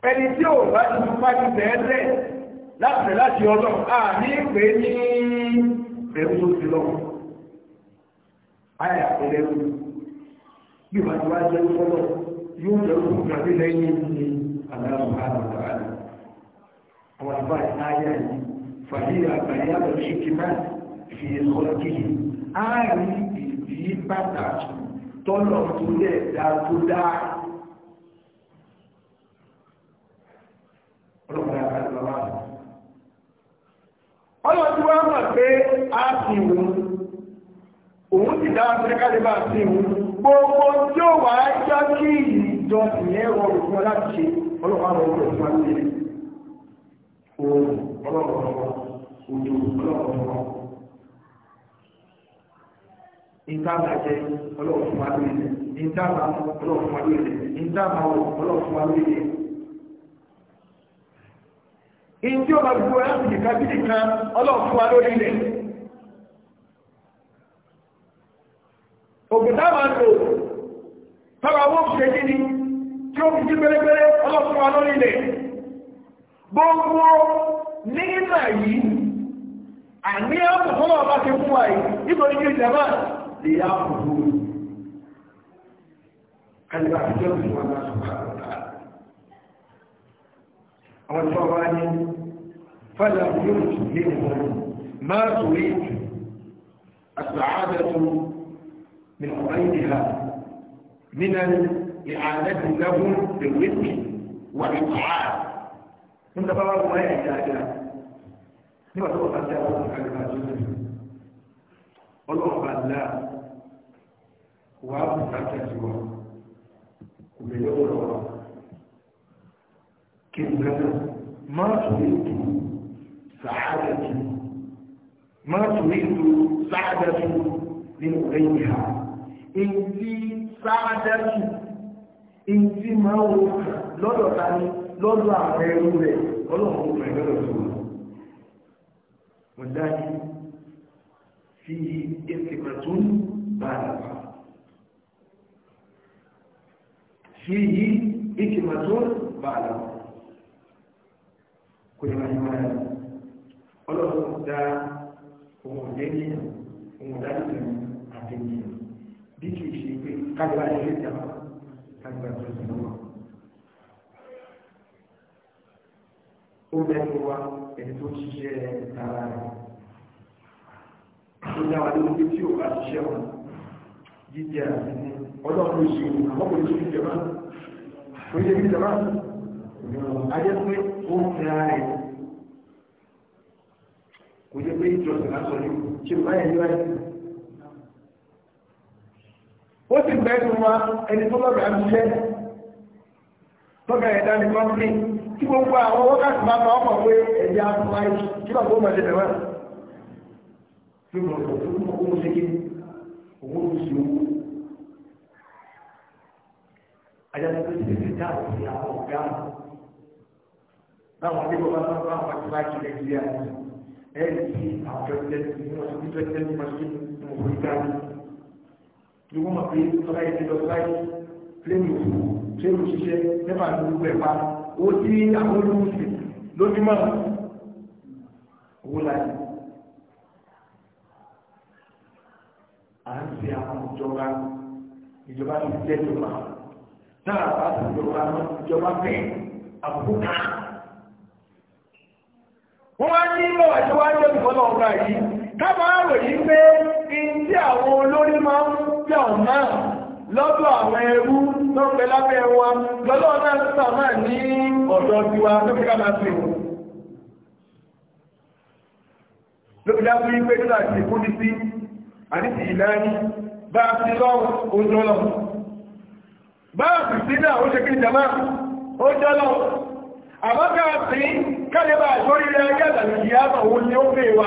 ẹni tí ò bá ti kó àtúnṣe ẹ lẹ láti láti ọlọ́run àní pé ní bẹ̀rù tó ti lọ́wọ́. ayà pẹ̀lẹ́ wù bí wọ́n ti wá jẹ́ fọ́lọ̀ yóò jẹ́ fún ìgbàgbé lẹ́yìn ní aláàbò àbàbà rẹ̀ àwọn àbá ìtayà yìí fàyè àgbàyà lọ sí kìmá fi ìsọ̀rọ̀ kìí á rí ìdí pàtàkì tọ́lọ̀ tó lẹ̀ dá tó dá tí wọ́n mọ̀ pé á sì wù òun ti dá Áfíríkà lè bá sí wù gbogbo tí ó wà á já kí ìjọ ìyẹn rọrùn fún láti ṣe ọlọ́pàá rọrùn fún ọ̀sán ní ilé oòrùn ọlọ́pàá òjò ọlọ́pàá ọlọ́pàá ọlọ́pàá ọlọ́pàá ọlọ́pàá ògùn dáàmà lò tọ́rọ owó ṣe kí ni tí ó fi jí pẹ́lẹ́pẹ́lẹ́ ọlọ́fún wa yóò tún lé wọn máa tó rí àtàádẹ́tún من قريبها من الإعادة له بالرزق والإطعام من تبارك ما يحتاج لها لما تقول أنت أقول لك أنا قل رب الله وأبو فتاة وبيقول رب كلمة ما تريد سعادتي ما تريد سعادتي من غيرها ìntí sáádájú ìntí máa wò lọ́dọ̀ tani lọ́dọ̀ àwọn ẹrú rẹ̀ ọlọ́run ọmọ ẹ̀rọ lọ́dọ̀ tó wọ́n dájú fi ìsìnkàtún bá a lọ. fi ìsìnkàtún bá a lọ. kò ní máa ń máa ọlọ́run dá ohun ọ̀dẹ́ni ohun ọ̀dá àti ènìyàn bí kì í ṣe pé kájọba ní ilé ìjàmbá kájọba tó ti lọ́wọ́. ó mẹ́nu wa ẹni tó ṣiṣẹ́ ara rẹ̀ tó dá wa lórí tí ò bá ṣiṣẹ́ wọn jíjẹ àti ní ọlọ́run ló ṣe òun àmọ́ kò ní ṣe ìjọba kò ní ìjọba ajẹ́ pé ó ń tẹ ara rẹ̀ kò jẹ́ pé ìjọsìn lásán ni ṣe báyìí ní wáyé ó sì bẹ́ẹ̀ tó wá ẹni tó lọ́gbà ń ṣẹ́ tọ́gbẹ̀rẹ̀ ìdáni kọ́mpí tí gbogbo àwọn wákàtí máa máa ọkọ̀ pé ẹ̀yà máa kí bàbá ọmọ ṣe bẹ̀rẹ̀ tí mo rọ̀ fún owó ṣe kí owó ń ṣe owó ajáde tó ti tètè dá òfin àwọn ọ̀gá náà wọ́n débò bá bá bá wọn ti láti nàìjíríà ẹ̀ ẹ́ ti àwọn pẹ̀lú ẹni tí wọ́n ti pẹ̀lú ẹni tí wọ́n ti mọ̀ ni wọ́n mọ̀ pé tọ́lá yìí ti lọ tọ́lá yìí fílẹ̀mù òfò fílẹ̀mù ṣiṣẹ́ nípa gbogbo ẹ̀pá ó tí àwọn olówó sì lójúmọ́ owó láti. à ń fi àwọn ìjọba ìjọba ti jẹ́ ìjọba náà bá ti ìjọba ìjọba bẹ́ẹ̀ àbúkù náà. wọ́n wá ní ìmọ̀ àti wájú ìfọ́nà ọ̀gá yìí ká máa ròyìn pé ní tí àwọn olórí máa ń jàmá lọ́dọ̀ àwọn ẹrú tó pẹ lábẹ́ wa lọ́dọ̀ náà ń sàmà ní ọ̀dọ̀ tiwa tó fi ká máa fi wò. ló sí àdìsí ìlànà bá a fi lọ́wọ́ oúnjẹ lọ. ẹgbẹ́ àtàlùkì yàtọ̀ òun ni ó fẹ́ wa.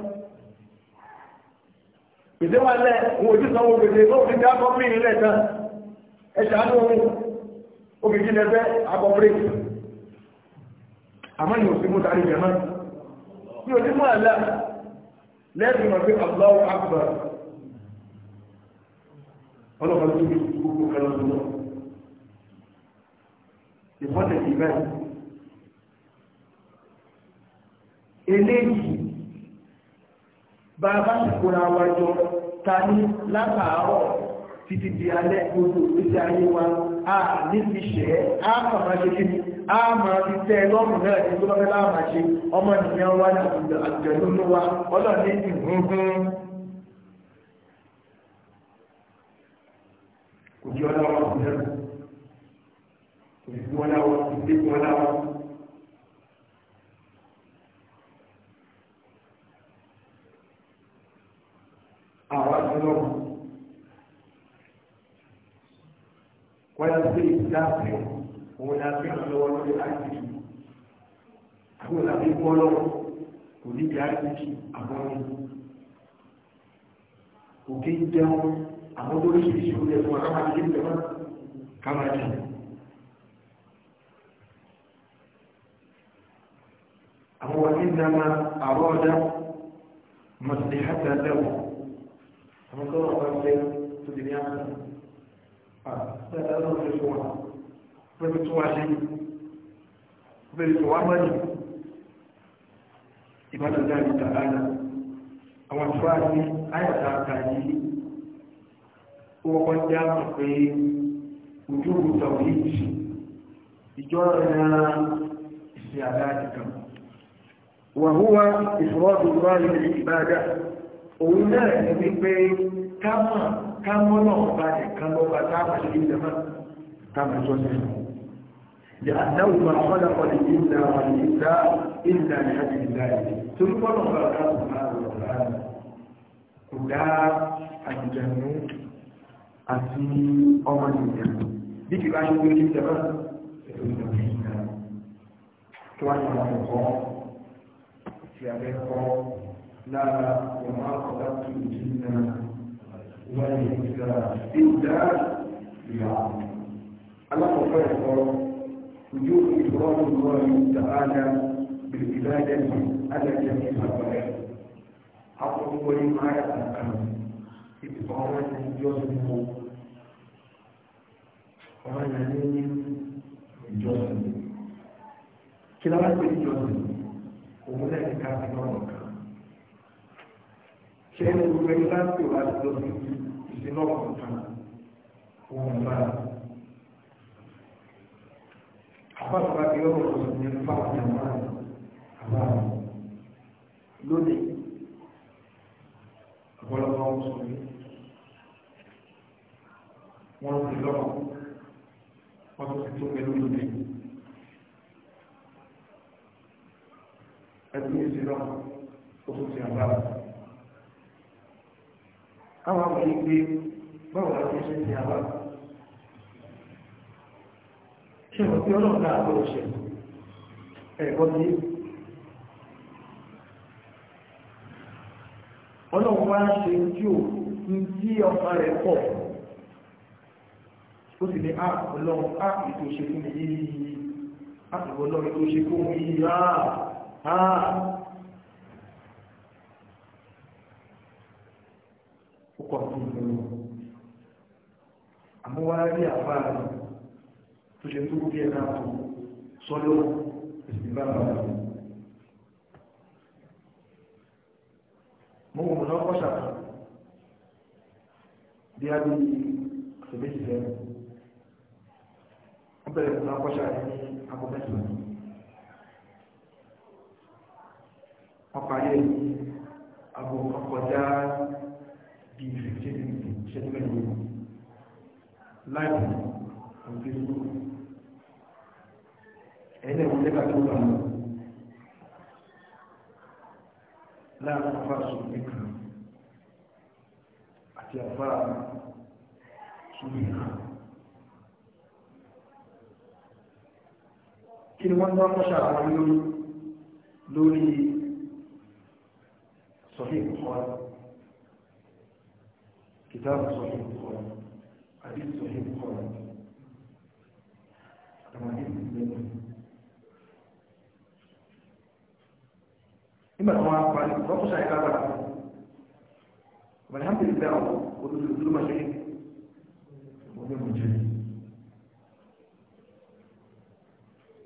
gbèsè wà lẹ̀ òun ojú sanwó gbèsè tó fi dákọ́ mí ilẹ̀ tán ẹ ṣàánú obìnrin lẹ́fẹ́ àkọ́bẹ̀rẹ̀ àmọ́ ni òsì mú tàrí jẹ́ máa ní òsì mú àlá ìfọ́tẹ̀ ìbẹ́ eléyìí bàbá ìkóra wa tani ta ní látàárọ̀ títí di alẹ́ gbogbo ìgbésí ayé wa a ní fi ṣẹ́ a kàmá ṣe kí ni a máa fi tẹ́ lọ́rùn náà ní tó lọ́fẹ́ láàmà ṣe ọmọ nìyàn wa ní àjẹ̀lónú wa ọlọ́ọ̀ni ìhùngún kò jí ọlọ́wọ́ kò jẹ́ kò jí ọlọ́wọ́ kò jí ọlọ́wọ́ àwọn àjọyọ̀ wọ́n ti ṣe ìdáàbò òun ni a fi hàn lọ́wọ́ lórí àìsí àwọn ìlànà ìgbọ́ lọ́wọ́ kò ní ìyá àìsí àwọn ọmọ òkè ń jẹun àwọn tó rí ìṣe ìṣòro ẹ̀fọn àwọn àti ìṣe ìjọba ká máa jẹun. àwọn ìnáma àrọ́ ọ̀dá mọ̀tìlẹ̀ hàtà lẹ́wọ̀n àwọn tó wà wọn lé tó di ní àpò àtàlà náà fi fún wa pẹ̀lú tó wá lé pẹ̀lú tó wá mọ́ni ìbátan náà ní tààlà àwọn tó wá ní àyàtà àkàyè ó wọ́n jẹ́ àmọ̀ pé ojú òkúta òní ìjì ìjọ ẹ̀rọ ìsìn àdáyé kan. وهو إفراد الله بالعبادة òun náà ní wípé kámọ̀ kámọ̀ náà bá nìkan ló bá táwọn ṣe ilẹ̀ mọ́ táwọn tó ní ìlú yàtàwù máa kọ́lá kọ́lá ìlà àwọn ìlà ìlà ìhàjì ìlà ìlú torí kọ́lá bá káàkùn máa rọ̀ láàrín kò àti ọmọ nìyàn bí kì bá ṣe wé kí ìjọba ètò ìjọba ìjọba tó wá ní ọmọ ọkọ tí a lára وما خلقت الجن والإنس إلا ليعبدون الأمر فيصل وجوب إكرام الله تعالى بالعبادة على جميع الخلائق حقه ولمعاية الأمر إبطالة جزمه ومن يمين جزمه كلا ما يكون جزمه ومن يكون كافي ṣe é gbogbo ẹni láti wà lọ sí ìsinmi ọkùnrin wọn ń bá àpapọ̀ àti A ní fáwọn ẹ̀wọ̀n àbáwọn lónìí ọ̀pọ̀lọpọ̀ ọ̀hún sọ yìí wọ́n ti lọ́wọ́ wọ́n tún ti tó pẹ̀lú lónìí ẹgbẹ́ ìsinmi ọkùnrin ó tún ti àbáwọn káwọn àwọn ẹni pé báwo la ti ṣe ti àbá ṣe mọ̀ pé ọlọ́run náà gbọ́dọ̀ ṣe ẹ̀kọ́ tí ọlọ́run wá ṣe tí ò ní tí ọba rẹ̀ pọ̀ ó sì ní áàpù ọlọ́run áàpù tó ṣe fún mi yìí áàpù ọlọ́run tó ṣe fún mi yìí áàpù àmúwárí àfáàrí tó ṣe tó bí ẹ̀ka tó sọ́lọ́ ìsìnbá bàbá rẹ̀. mo wò lọ́kọ́ ṣàkà bí a bí àtẹ̀lẹ́sì lẹ́nu wọ́n bẹ̀rẹ̀ mo lọ́kọ́ ṣàkà ní akọ mẹ́sàn-án wọ́n parí ẹ̀ ní abo ọkọjá bíi fifteen minutes ṣẹ́jú mẹ́rin live on Facebook ẹ̀yìn ẹ̀wọ̀n lẹ́ka tó bá lọ láàrin afá sùnmí kan àti afá sùnmí kan. kí ni wọ́n bá kọ́ṣà àwọn lórí lórí sọ̀hìn kọ́ kìtàbù sọ̀hìn kọ́. حديث صحيح البخاري كما حديث مسلم إما كما قال رب شيء كذا والحمد لله وكل ما شيء ومن مجد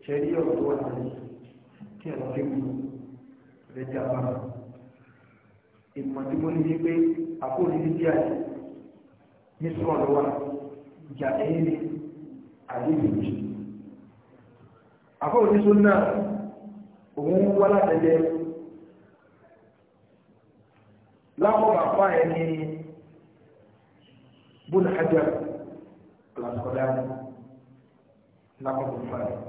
شريعة وطوة كيف يمكن رجاء إما تقول لي أقول لي nítorí ọ̀lọ́wà ìjà ẹni àdébìrì àfọ́ òní súnà òun wá látẹ̀lẹ́ láwọn bàbá ẹni bùnà ájà làkọ̀dá lápapọ̀ fà rẹ̀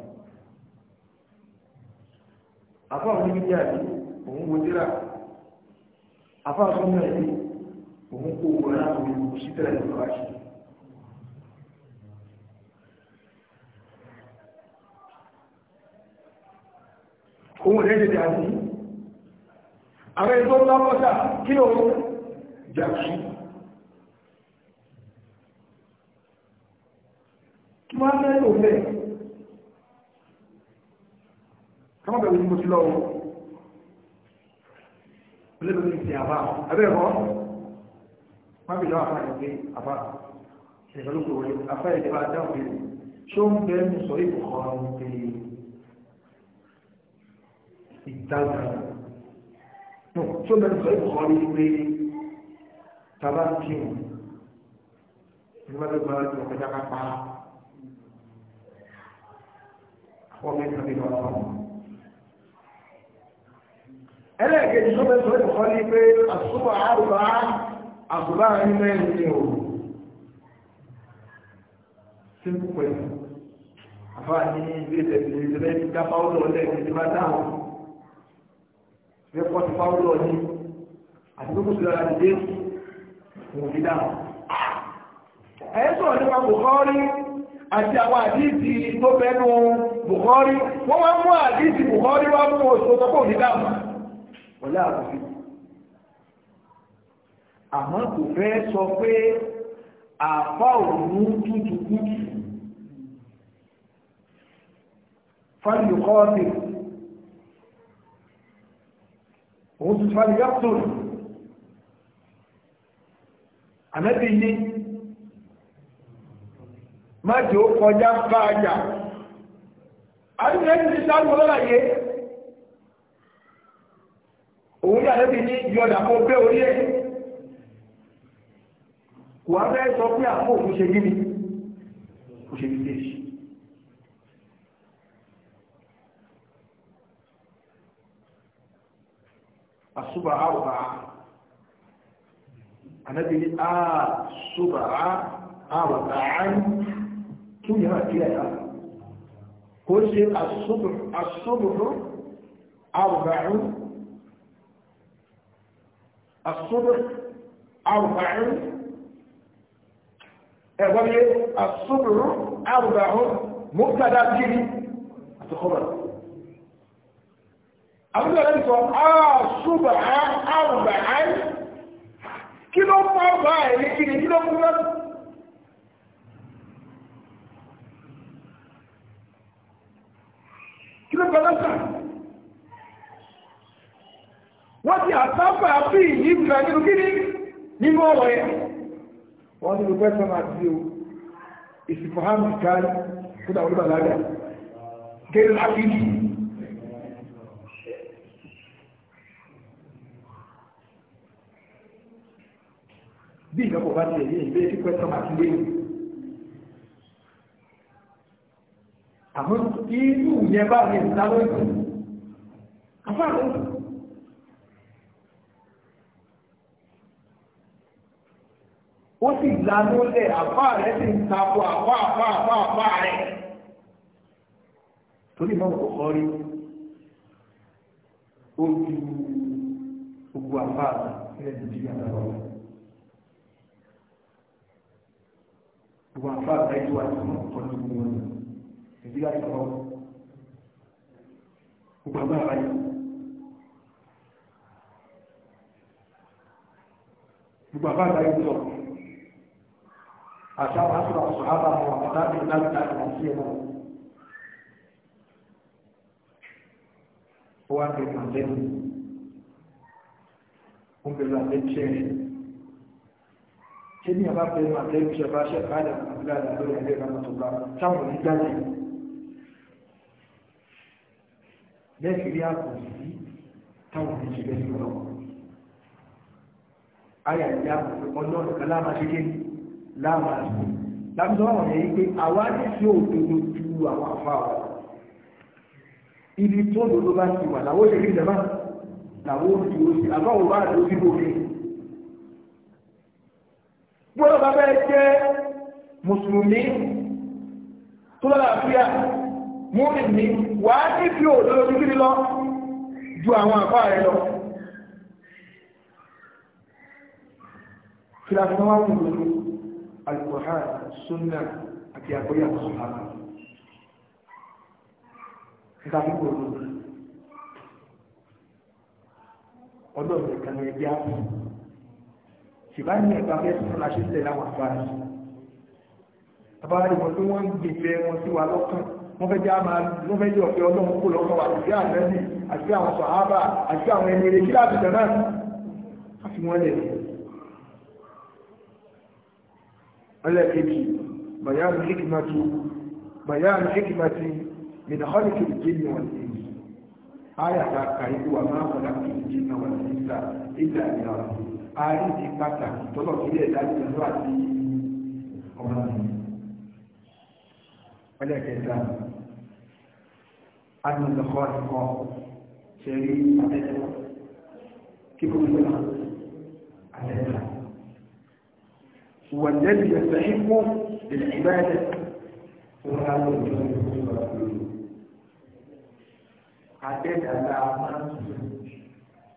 àfọ́ òní bíjà ni òun wo díra àfọ́ àtúnmọ̀ ẹ̀yìn òun kò wọ láwọn olùkọ́ sí tẹ́lẹ̀ lọ́wọ́ àṣẹ. òun rẹ̀ lè dàbí àwọn ẹgbẹ́ ọlọ́pọ̀ta kí o jàkú kí wọ́n fẹ́ lò mẹ́ kọ́mọ̀ bẹ̀rẹ̀ mo ti lọ́wọ́ olébẹ̀rẹ̀ ti àbá abẹ́rẹ̀ wọ́n bí lọ́wọ́ àfáàní pé àfá ìṣẹ̀lúkọ̀ wọlé afá ìdí bá dáhùn pé ṣó ń bẹ́ẹ̀ mú sọ ìbùkọ́ ọ̀hún pé ìdáná ṣó ń bẹ́ẹ̀ mú sọ ìbùkọ́ ọ̀hún pé tàbá ń kí wọn nígbà tó gbọ́dọ̀ tó kọjá ká pa àrùbá àkùbá ní mẹ́rin ní o simple question àfáà ní ilé ìtẹ̀sí ìṣẹ̀lẹ̀ ti dá fáwọ́lọ̀ ọ̀lẹ́ ti máa dáhùn rẹ́pọ̀ ti fáwọ́lọ̀ ní àti tó kùsùn lára dìde òun ti dáhùn. ẹ̀yẹ́ sọ̀rọ̀ nípa Bukhari àti àwọn àdíìsì tó bẹnu Bukhari wọ́n máa mú àdíìsì Bukhari wá fún oṣù tó kò ní dáhùn. wọ́n láàbùsí àmọ́ kò fẹ́ sọ pé àfá òun tútùkútù fàlùkọ́ọ̀tì òun ti fàlùkọ́ọ̀tì àmẹ́bí ní májò kọjá fàájà àdúgbò ẹni ti sáré lọ́láyé òun ní àmẹ́bí ní yọ̀dà kó bẹ́ orí ẹ̀ kò wá fẹ́ sọ pé àpò òun ṣe gíní kò ṣe gíní èṣì àṣùbà àwọ̀bà ànábìlì àṣùbà àwọ̀bà kí ó yára kí ẹ̀yà kò ṣe àṣùbùrù àwọ̀bà àṣùbùrù àwọ̀bà ẹ̀gbọ́n yé àsùnrù àrùbàrún mọ́tàdá kiri àti kọ́mọ̀. àwọn ìjọba ti sọ àṣùbà àrùbàrún kí ló fọ́ bá ẹ̀rí kiri kí ló fún lọ́sùn. kí ló fọ́ lọ́sùn. wọ́n ti àtàkùn àfihì yìí nínú kiri nínú ọ̀rọ̀ yẹn wọ́n ní rúpẹ́ sọ́mà sí o ìsìnkọ̀hámù kárí kúdà olúbà lága kéré lápìlì bí ìgbàpọ̀ bá ti ẹ̀yẹ ìgbé rúpẹ́ sọ́mà sí lẹ́yìn àwọn irú yẹn bá rẹ̀ lálọ́ ìgbà ó sì lanú lẹ̀ àbá rẹ̀ sì ń tako àbá àbá àbá àbá rẹ̀ torí mọ́ kò kọ́ rí ó ju gbogbo àbá àbá ilẹ̀ nàìjíríà lọ́wọ́ gbogbo àbá àbá ìlú àti wọn kọ́ ní gbogbo wọn nàìjíríà lọ́wọ́ gbogbo àbá àbá Gbogbo àbá àbá sọ̀rọ̀ àtàwọn aṣọ àṣọhábà wọn àtàbí lágbàá wọn sí ẹ̀wọ̀n. ó wá pè mọ̀ lẹ́nu ó bẹ̀rẹ̀ àlẹ́kẹ́ rẹ̀ kí ni àbá bẹ̀rẹ̀ àlẹ́kẹ́ bá ṣe káàdà láàrín lórí ẹgbẹ́ ìrànlọ́tọ̀gbà táwọn onígbàlẹ̀ lẹ́sìn rí àpò sí táwọn oníṣẹ́ lẹ́sìn lọ́wọ́ ayà ìyá ọlọ́run kan láàmà ṣe kéde láwọn àti lábísọ àwọn èyí pé àwa ní sí òdodo ju àwọn àfa wa ibi tó òdodo bá ti wà làwọn òṣèré ìjọba làwọn òṣèré òṣèré àbáwò bá àti òṣèré òkè gbọ́dọ̀ bá bẹ́ẹ̀ jẹ́ mùsùlùmí tó lọ́la àfíà múmi ní wà á ní fi òdodo títí lọ ju àwọn àfa rẹ lọ. kí la fi wá wù alukoran sunna àti àgbóyà sọ̀hánà nígbà tí kò lóde ọdọ̀ nìkan ni ẹgbẹ́ àpò ṣùgbọ́n ní ẹ̀ka fẹ́ sọ̀rọ̀ la ṣe ń tẹ̀lé àwọn àgbà rẹ̀ bàbá rẹ̀ wọ́n tí wọ́n ń gbèfẹ́ wọn sí wa lọ́kàn wọ́n fẹ́ jẹ́ àmà wọ́n fẹ́ jẹ́ ọ̀fẹ́ ọlọ́run kó lọ́kàn wa àti àmẹ́sì àti àwọn sọ̀hábà àti àwọn ẹni eré kí láti náà á fi wọ́n lẹ̀ ẹlẹ́kejì bayanu hikimati bayanu hikimati min khalqi al-jinni wal-insi aya ta kàyí wà máa kọ̀dá kí al-jinna wal-insa ìgbà ìlà ayé ti pàtàkì tọ́lọ̀ sílẹ̀ ìdájọ́ ìlú àti ọmọ mi ẹlẹ́kẹta anulọ̀kọ́ ẹ̀kọ́ ṣe rí àtẹ́tọ́ kí kò ní lọ́nà àtẹ́tọ́ هو الذي يستحق للعبادة سبحانه وتعالى عدد الأعمال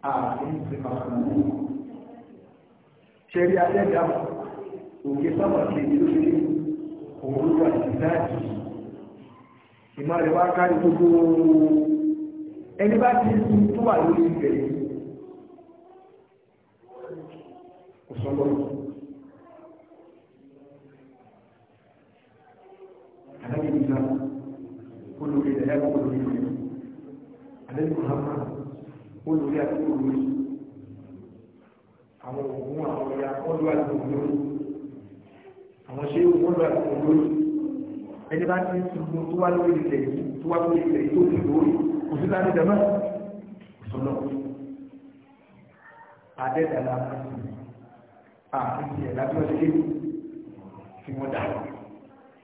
أعلم في مخلوق شريعة الأمر وكتابة للجزء وهو الذات ìmọ̀ rẹ̀ wá kárí gbogbo ẹni bá ti sun tó wà lórí ìbẹ̀rẹ̀ kò sọ lọ́rùn annabi isa kullu da ya kullu ne annabi muhammad kullu ya kullu ne àwọn òògùn àwọn ọ̀yà kọlu àti òògùn àwọn ṣé kọlu àti òògùn ẹni bá ti ń tuntun tó wá lórí ilẹ̀ yìí tó wá lórí ilẹ̀ yìí tó ti lórí kò sí láti dẹ̀ mọ́ sọlọ àdẹ́dàlá àti ìyẹ̀dá tó ṣe kí wọ́n dà wọ́n.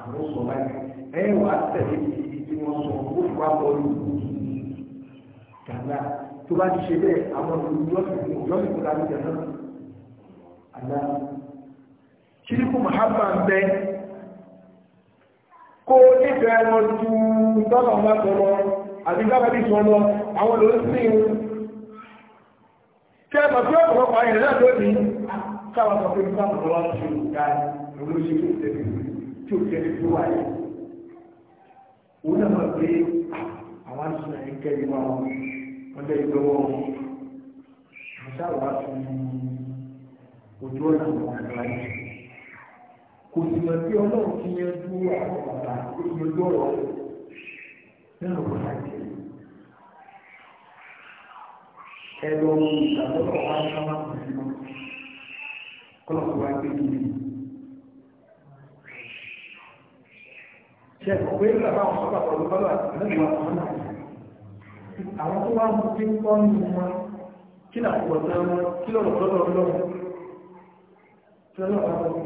àwọn sọ báyìí ẹ wà tẹ̀lé ibi tí wọ́n sọ ó fi wá bọ́ ní gàdá tó bá ti ṣe bẹ́ẹ̀ àwọn olùyọ́sìn olùyọ́sìn kò dájú jẹ náà àdá ṣíríkù mahama ń bẹ kó nífẹ̀ẹ́ wọn ju tọ́nà ọba tọrọ àti gábàbí sọ̀rọ̀ àwọn olùsìn kí ẹ mọ̀ pé ọ̀pọ̀lọpọ̀ ayẹyẹ náà lónìí káwọn sọ pé nípa ọ̀pọ̀lọpọ̀ ṣe ìgbà olóṣèlú tẹ̀lé tí ò jẹ́ni tó wáyé òun náà mọ̀ pé àwọn àṣìṣe ẹ̀ ń kẹ́rin wọn wọn lẹ́yìn lọ́wọ́ àṣàwọ̀ àti ojú ọ̀nà àwọn àgbà yìí kò sì mọ̀ pé ọlọ́run ti yẹn dú àwọn bàbá tó ti ojú ọ̀rọ̀ nínú ọ̀rọ̀ àti ẹ̀rọ ìgbàlọ́wọ́ wa ń sábà sí wọn kọ́lọ́kọ́ wa gbé níbi. ṣe pé àwọn tó wá mú tí ń kọ́ nínú wọn kí náà pọ̀ tán kí lọ́rọ̀ lọ́rọ̀ lọ́rọ̀ tí wọ́n náà wọ́n ní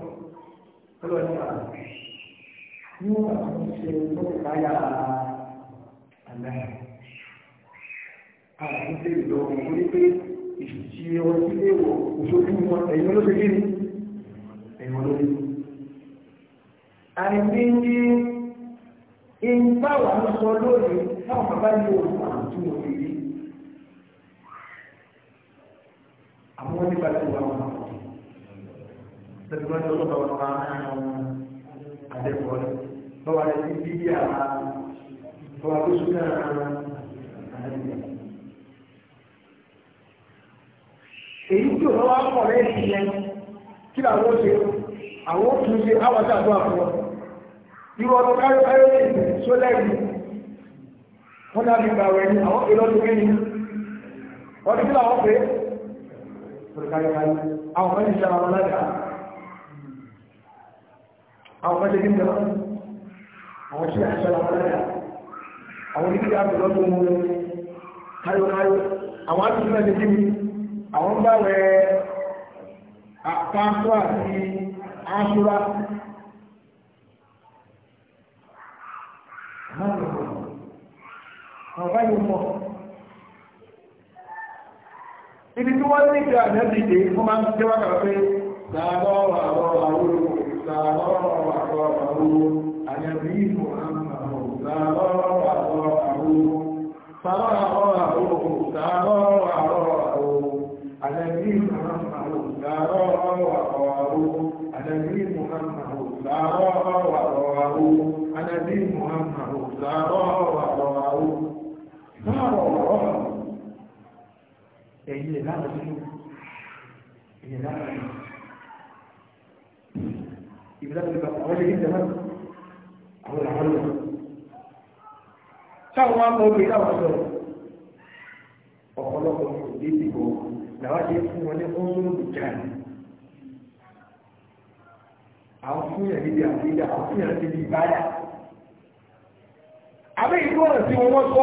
àná ní wọn àwọn ṣe tó kù káyà àwọn tó lè lọ ní pé ìṣìṣẹ́ wọn sí léèwọ̀ òṣòjú wọn ẹ̀yìn olóṣèlú ìgbà wà ń sọ lónìí táwọn bàbá yìí ò máa tún òfin yìí àwọn nípa tí wà wọn lọ́dún lọ́dún lọ́dún lọ́dún máa ń adẹ́kọ̀ọ́ lọ lọ́wọ́ rẹ̀ ti bí bí àwọn lọ́wọ́ tó sún náà àdẹ́kọ̀ọ́. èyí tí òun wá lẹ́yìn ìyẹn kí làwọn ó ṣe àwọn ó tún ṣe àwọn àti àdúrà fún irú ọdún káyọ̀káyọ̀ lè tẹ̀ só lẹ́rù wọn náà fi gbàwẹ̀ ní àwọn pè lọ́dún kí ni ọdún kí làwọn pè ọdún káyọ̀káyọ̀ àwọn kan ti ṣe àwọn alága àwọn kan ti kí ni lọ àwọn ṣe àṣẹ àwọn alága àwọn oníkí àpè lọ́dún mú káyọ̀káyọ̀ àwọn àtúntò náà ti kí ni àwọn gbàwẹ̀ àpapọ̀ àti àṣúra àwọn ìmọ̀ ibi tí wọ́n ní ìgbà àjẹ́bì dé wọ́n máa ń jẹ́ wákà pé sàárọ̀ àrọ̀ àwòrò sàárọ̀ àrọ̀ àwòrò àjẹ́bì ìlú àmàrò sàárọ̀ àrọ̀ àwòrò sàárọ̀ àrọ̀ sàárọ̀ àrọ̀ àjẹ́bì ìlú àmàrò sàárọ̀ àrọ̀ láwọn tó èèyàn láwọn tó ìbílẹ̀ tó bá àwọn ilé ìjọba àwọn làwọn lọ. táwọn wá mọ obìnrin láwọn sọ ọ̀pọ̀lọpọ̀ òbí dìbò làwọn ṣe fún wọn ní ọ̀hún ìjà ni. àwọn fún yàn níbi àbíyà àwọn fún yàn níbi ìbáyà. àbí ìlú ọ̀rọ̀ tí wọ́n wọ́n sọ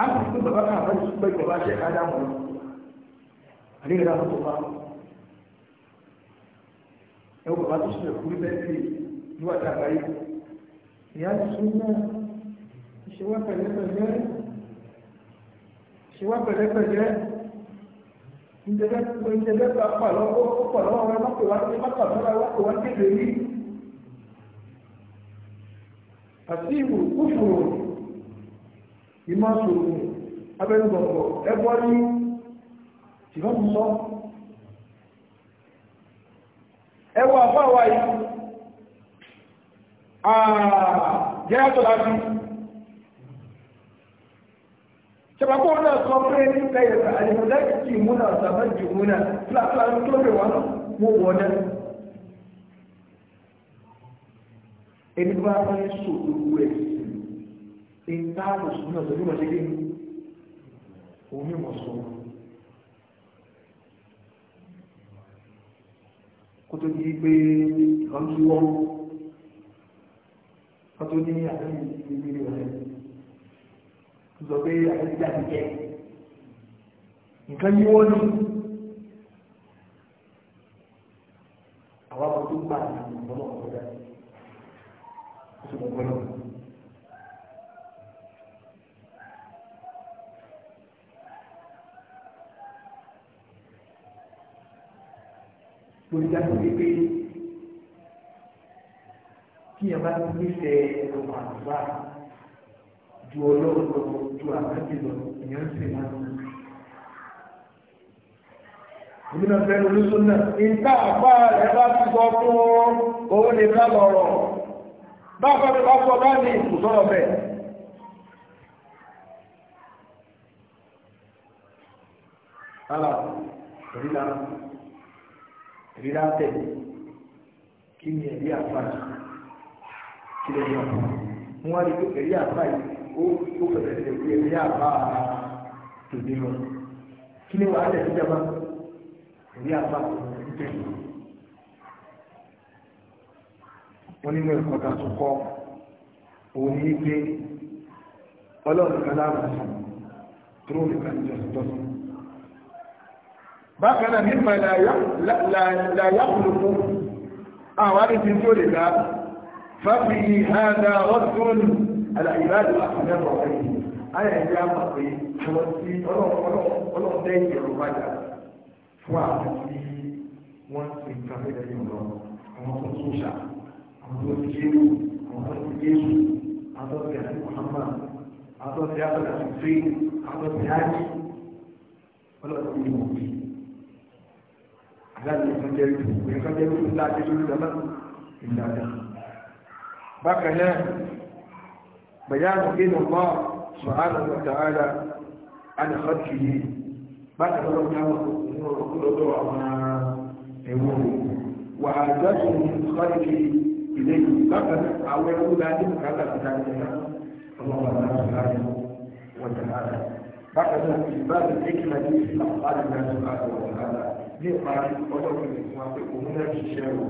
a kò tó bàbá kan àbájú pé bàbá ṣe ádámù lọ àdéhùn náà tó bá ẹ wọ bàbá tó ṣẹlẹ̀ kúrú bẹ́ẹ̀ sí ìwà tá a bá yìí ìyá ti sún náà ṣe wá pẹ̀lẹ́pẹ̀lẹ́ ṣe wá pẹ̀lẹ́pẹ̀lẹ́ ìjẹ̀lẹ́ ta pàlọ́wọ́ pọ̀lọ́wọ́ wọn mọ́pẹ̀ wá sí mọ́pàlọ́wọ́ wọ́pẹ̀ wá kéde yìí àti ìwò kúfùrù ìmọ̀sòògùn abẹ́nugbọ̀ngbọ̀ ẹgbọ́ ní tìmọ́tò sọ ẹwọ àfáwà yìí àjẹ́yàtọ̀ láti ṣẹ̀bàkọ́ náà sọ pé ní kẹyẹ̀fẹ́ àyẹ̀fẹ́lẹ́kì múnà sàmẹ́jì múnà fúláfúlá tó lè wà wọ́n wọ́n náà ẹni bá ń sọ òwú ẹ̀sìn ìta mùsùlùmí ọ̀sẹ̀ ní mọ̀ṣẹ́ kéwì òun ní mọ̀ṣọ́ kó tó di pé ìkan tí wọ́n kó tó ní àdéhùn ìgbéléwé rẹ̀ tó sọ pé àdéhùn ìjà ti jẹ́ nǹkan yí wọ́n ní àwọn akọ̀tún gbà ní ọ̀pọ̀lọpọ̀ ọ̀gá ó lórí dájú wípé kí ẹ bá ti nífẹ̀ẹ́ ọmọ àdúrà ju ọlọ́run lọ ju àbájẹ lọ èèyàn ń sè máa ń lò. Èmi náà fẹ́ lórí súnà. Ìta àpá rẹ̀ bá ti sọ fún òun lè ká lọ̀rọ̀. Báwo ni bá sọ bá ní ìkùsọ̀rọ̀ bẹ̀? Ala, òní dáná ríra tẹ̀lé kí ni ẹ̀rí àfáà yìí kí lè yàn wọ́n wá rí pé ẹ̀rí àfáà yìí ó ó fẹ̀rẹ̀ lè pé ẹ̀rí àfáà tòde lọ kí ni wàá tẹ̀lé jábá ẹ̀rí àfáà tòde tẹ̀lé wọ́n nínú ẹ̀kọ́ ta tó kọ́ òun ní pé ọlọ́run kan láàrín sùn tó rò nìkan ìjọsìn tọ́sùn bákan náà mímọ̀ láyàkùnlùkù àwọn àrífin tó lè dá fáfi ìhádá rọ́tún àlàyìláàdì àfẹ́rọ̀ rẹ̀ ayà ìyá mọ̀ pé àwọn tí ọlọ́ọ̀dẹ́ ìyẹ̀rọ padà fún àwọn tí wọ́n ti kàfẹ́ lẹ́yìn lọ àwọn tó sóṣà àwọn tó ti jẹ́rù àwọn tó ti jẹ́rù àwọn tó ti àti Muhammad àwọn tó ti àti àti àti àti àti àti ọlọ́ọ̀dẹ́ ìwọ̀n لن يفجروا ويفجروا الا بدون زمن الا دخل بيان الله سبحانه وتعالى عن خلقه بعد ان لم يكن كل دعوة وعادته من خلقه اليه فقط او يقول لازم كذا كذا كذا اللهم وتعالى بعد في باب الحكمه في افعال الناس سبحانه وتعالى ní ìparí ọlọ́run lè fún wa pé òun náà ti ṣe ẹrù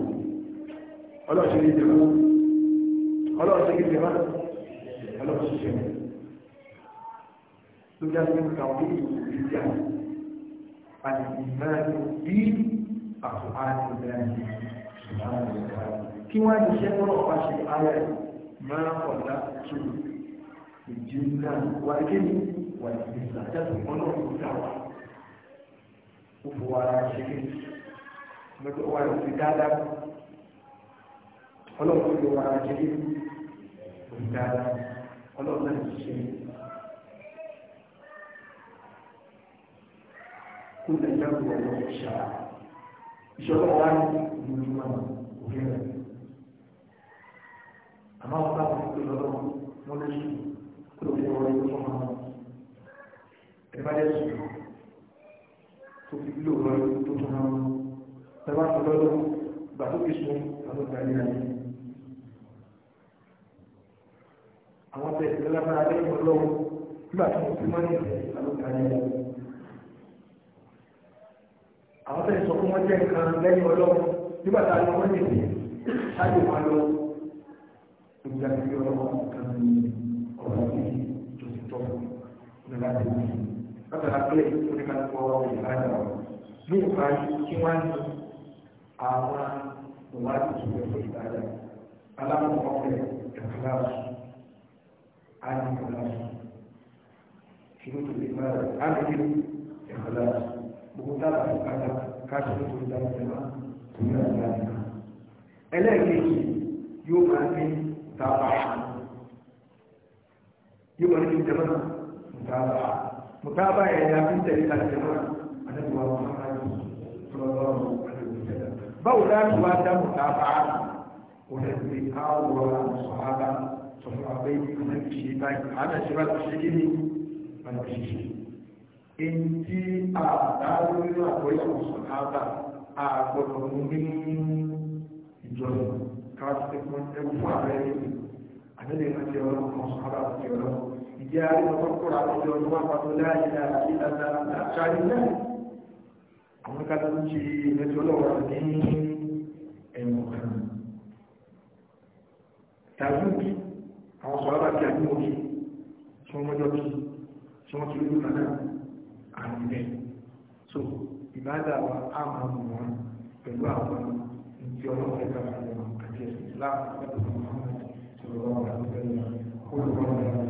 ọlọ́run ṣe ní ìjọba ọlọ́run ṣe ní ìjọba ọlọ́run ṣe ṣe ló já sí nǹkan orí ìdíjà àti ìmọ̀ràn bí àfọ̀hánì ìmọ̀ràn ìmọ̀ràn ìmọ̀ràn kí wọ́n á ti ṣe kọ́lọ́ ọ̀pá ṣe ara ẹ̀ máa ọ̀dà tó ìjìnlẹ̀ wà kéde wà ìgbésà jáde ọlọ́run ó fowó ara ṣe kí lọ́jọ́ wa ló fi dáadáa ọlọ́run ló fowó ara ṣe kí ló fi dáadáa ọlọ́run náà ti ṣe kó lè dáàbò ọlọ́run ṣá ìṣọ́lá wa ní ìlú òfin rẹ̀ àmọ́ wọn bá wọn kó lọ́wọ́ wọn lè sùn kó lè wọlé fún wọn ẹ bá lè sùn tó fi lò wọn tó tún náà wọn tẹ́wọ́n tó lọ́dọ̀ gbà tó fi sun àwọn ìgbà ní ayé. àwọn tẹ̀ ìlú lábára lẹ́yìn ọlọ́run nígbà tí wọ́n fi mọ́ ní ìfẹ́ àwọn ìgbà ní ayé. àwọn tẹ̀ sọ fún wọn jẹ́ nǹkan lẹ́yìn ọlọ́run nígbà tá wọ́n ní ìfẹ́ ṣáàjú wọn lọ ìgbà tí ọlọ́run kan ní ọ̀rọ̀ yìí tó ti tọ́ ní láti wọ́n látara pé oníkàlùkù ọ̀rọ̀ ìlànà ọ̀rọ̀ ní ìparí kí wọ́n ní àwọn ìwádìí ìwé ìlànà alámọ̀ọ́ rẹ̀ ìkàlàsù àdìkàlàsù kí ló tó lè má rẹ̀ àdìkàlù ìkàlàsù gbogbo dábàá ìpàdà káàkiri tó dá ìjọba tó yà ní àdìkà ẹlẹ́ẹ̀kejì yóò máa ní tábà yóò máa ní ìjọba tábà mutaba ya ya fi tẹ̀lé àti ẹ̀rọ àdẹ́gbà wọn báwo láti wá dá mutaba òdẹ̀gbẹ̀ káwọ̀ sọ̀hábà sọ̀rọ̀ abẹ́ ìgbìmọ̀ ìṣe báyìí àádọ́ ṣe bá ti ṣe kí ni wọn ti ṣe èyí tí a bá lórí àgbọ̀yàwó sọ̀hábà a gbọ́dọ̀ mú nínú ìjọba ti pẹ́ ẹgbẹ́ ààrẹ yìí àdẹ́gbẹ̀ máa ti ọlọ́run kan sọ̀hábà ìjẹ́ àríwọ̀tọ́kùnrin àti ọdún wà pàtó láàyè ìlànà àṣàrí náà àwọn kátà ń ṣe ìrẹsì ọlọ́wọ́ ní ẹ̀wọ̀n kan tàbí àwọn sọ̀rọ̀ àti àmì òkè tí wọ́n mọ́jọ́ kí tí wọ́n ti rí lùkà náà àmì rẹ̀ so ìbádà wa á máa mú wọn pẹ̀lú àwọn ìdí ọlọ́wọ́ ẹ̀ka àti ẹ̀sìn láàrín ọ̀pọ̀lọpọ̀ àwọn ọmọ ìṣòro ọ̀rọ̀ àti ẹ̀yìn olùkọ́ ọ̀rọ̀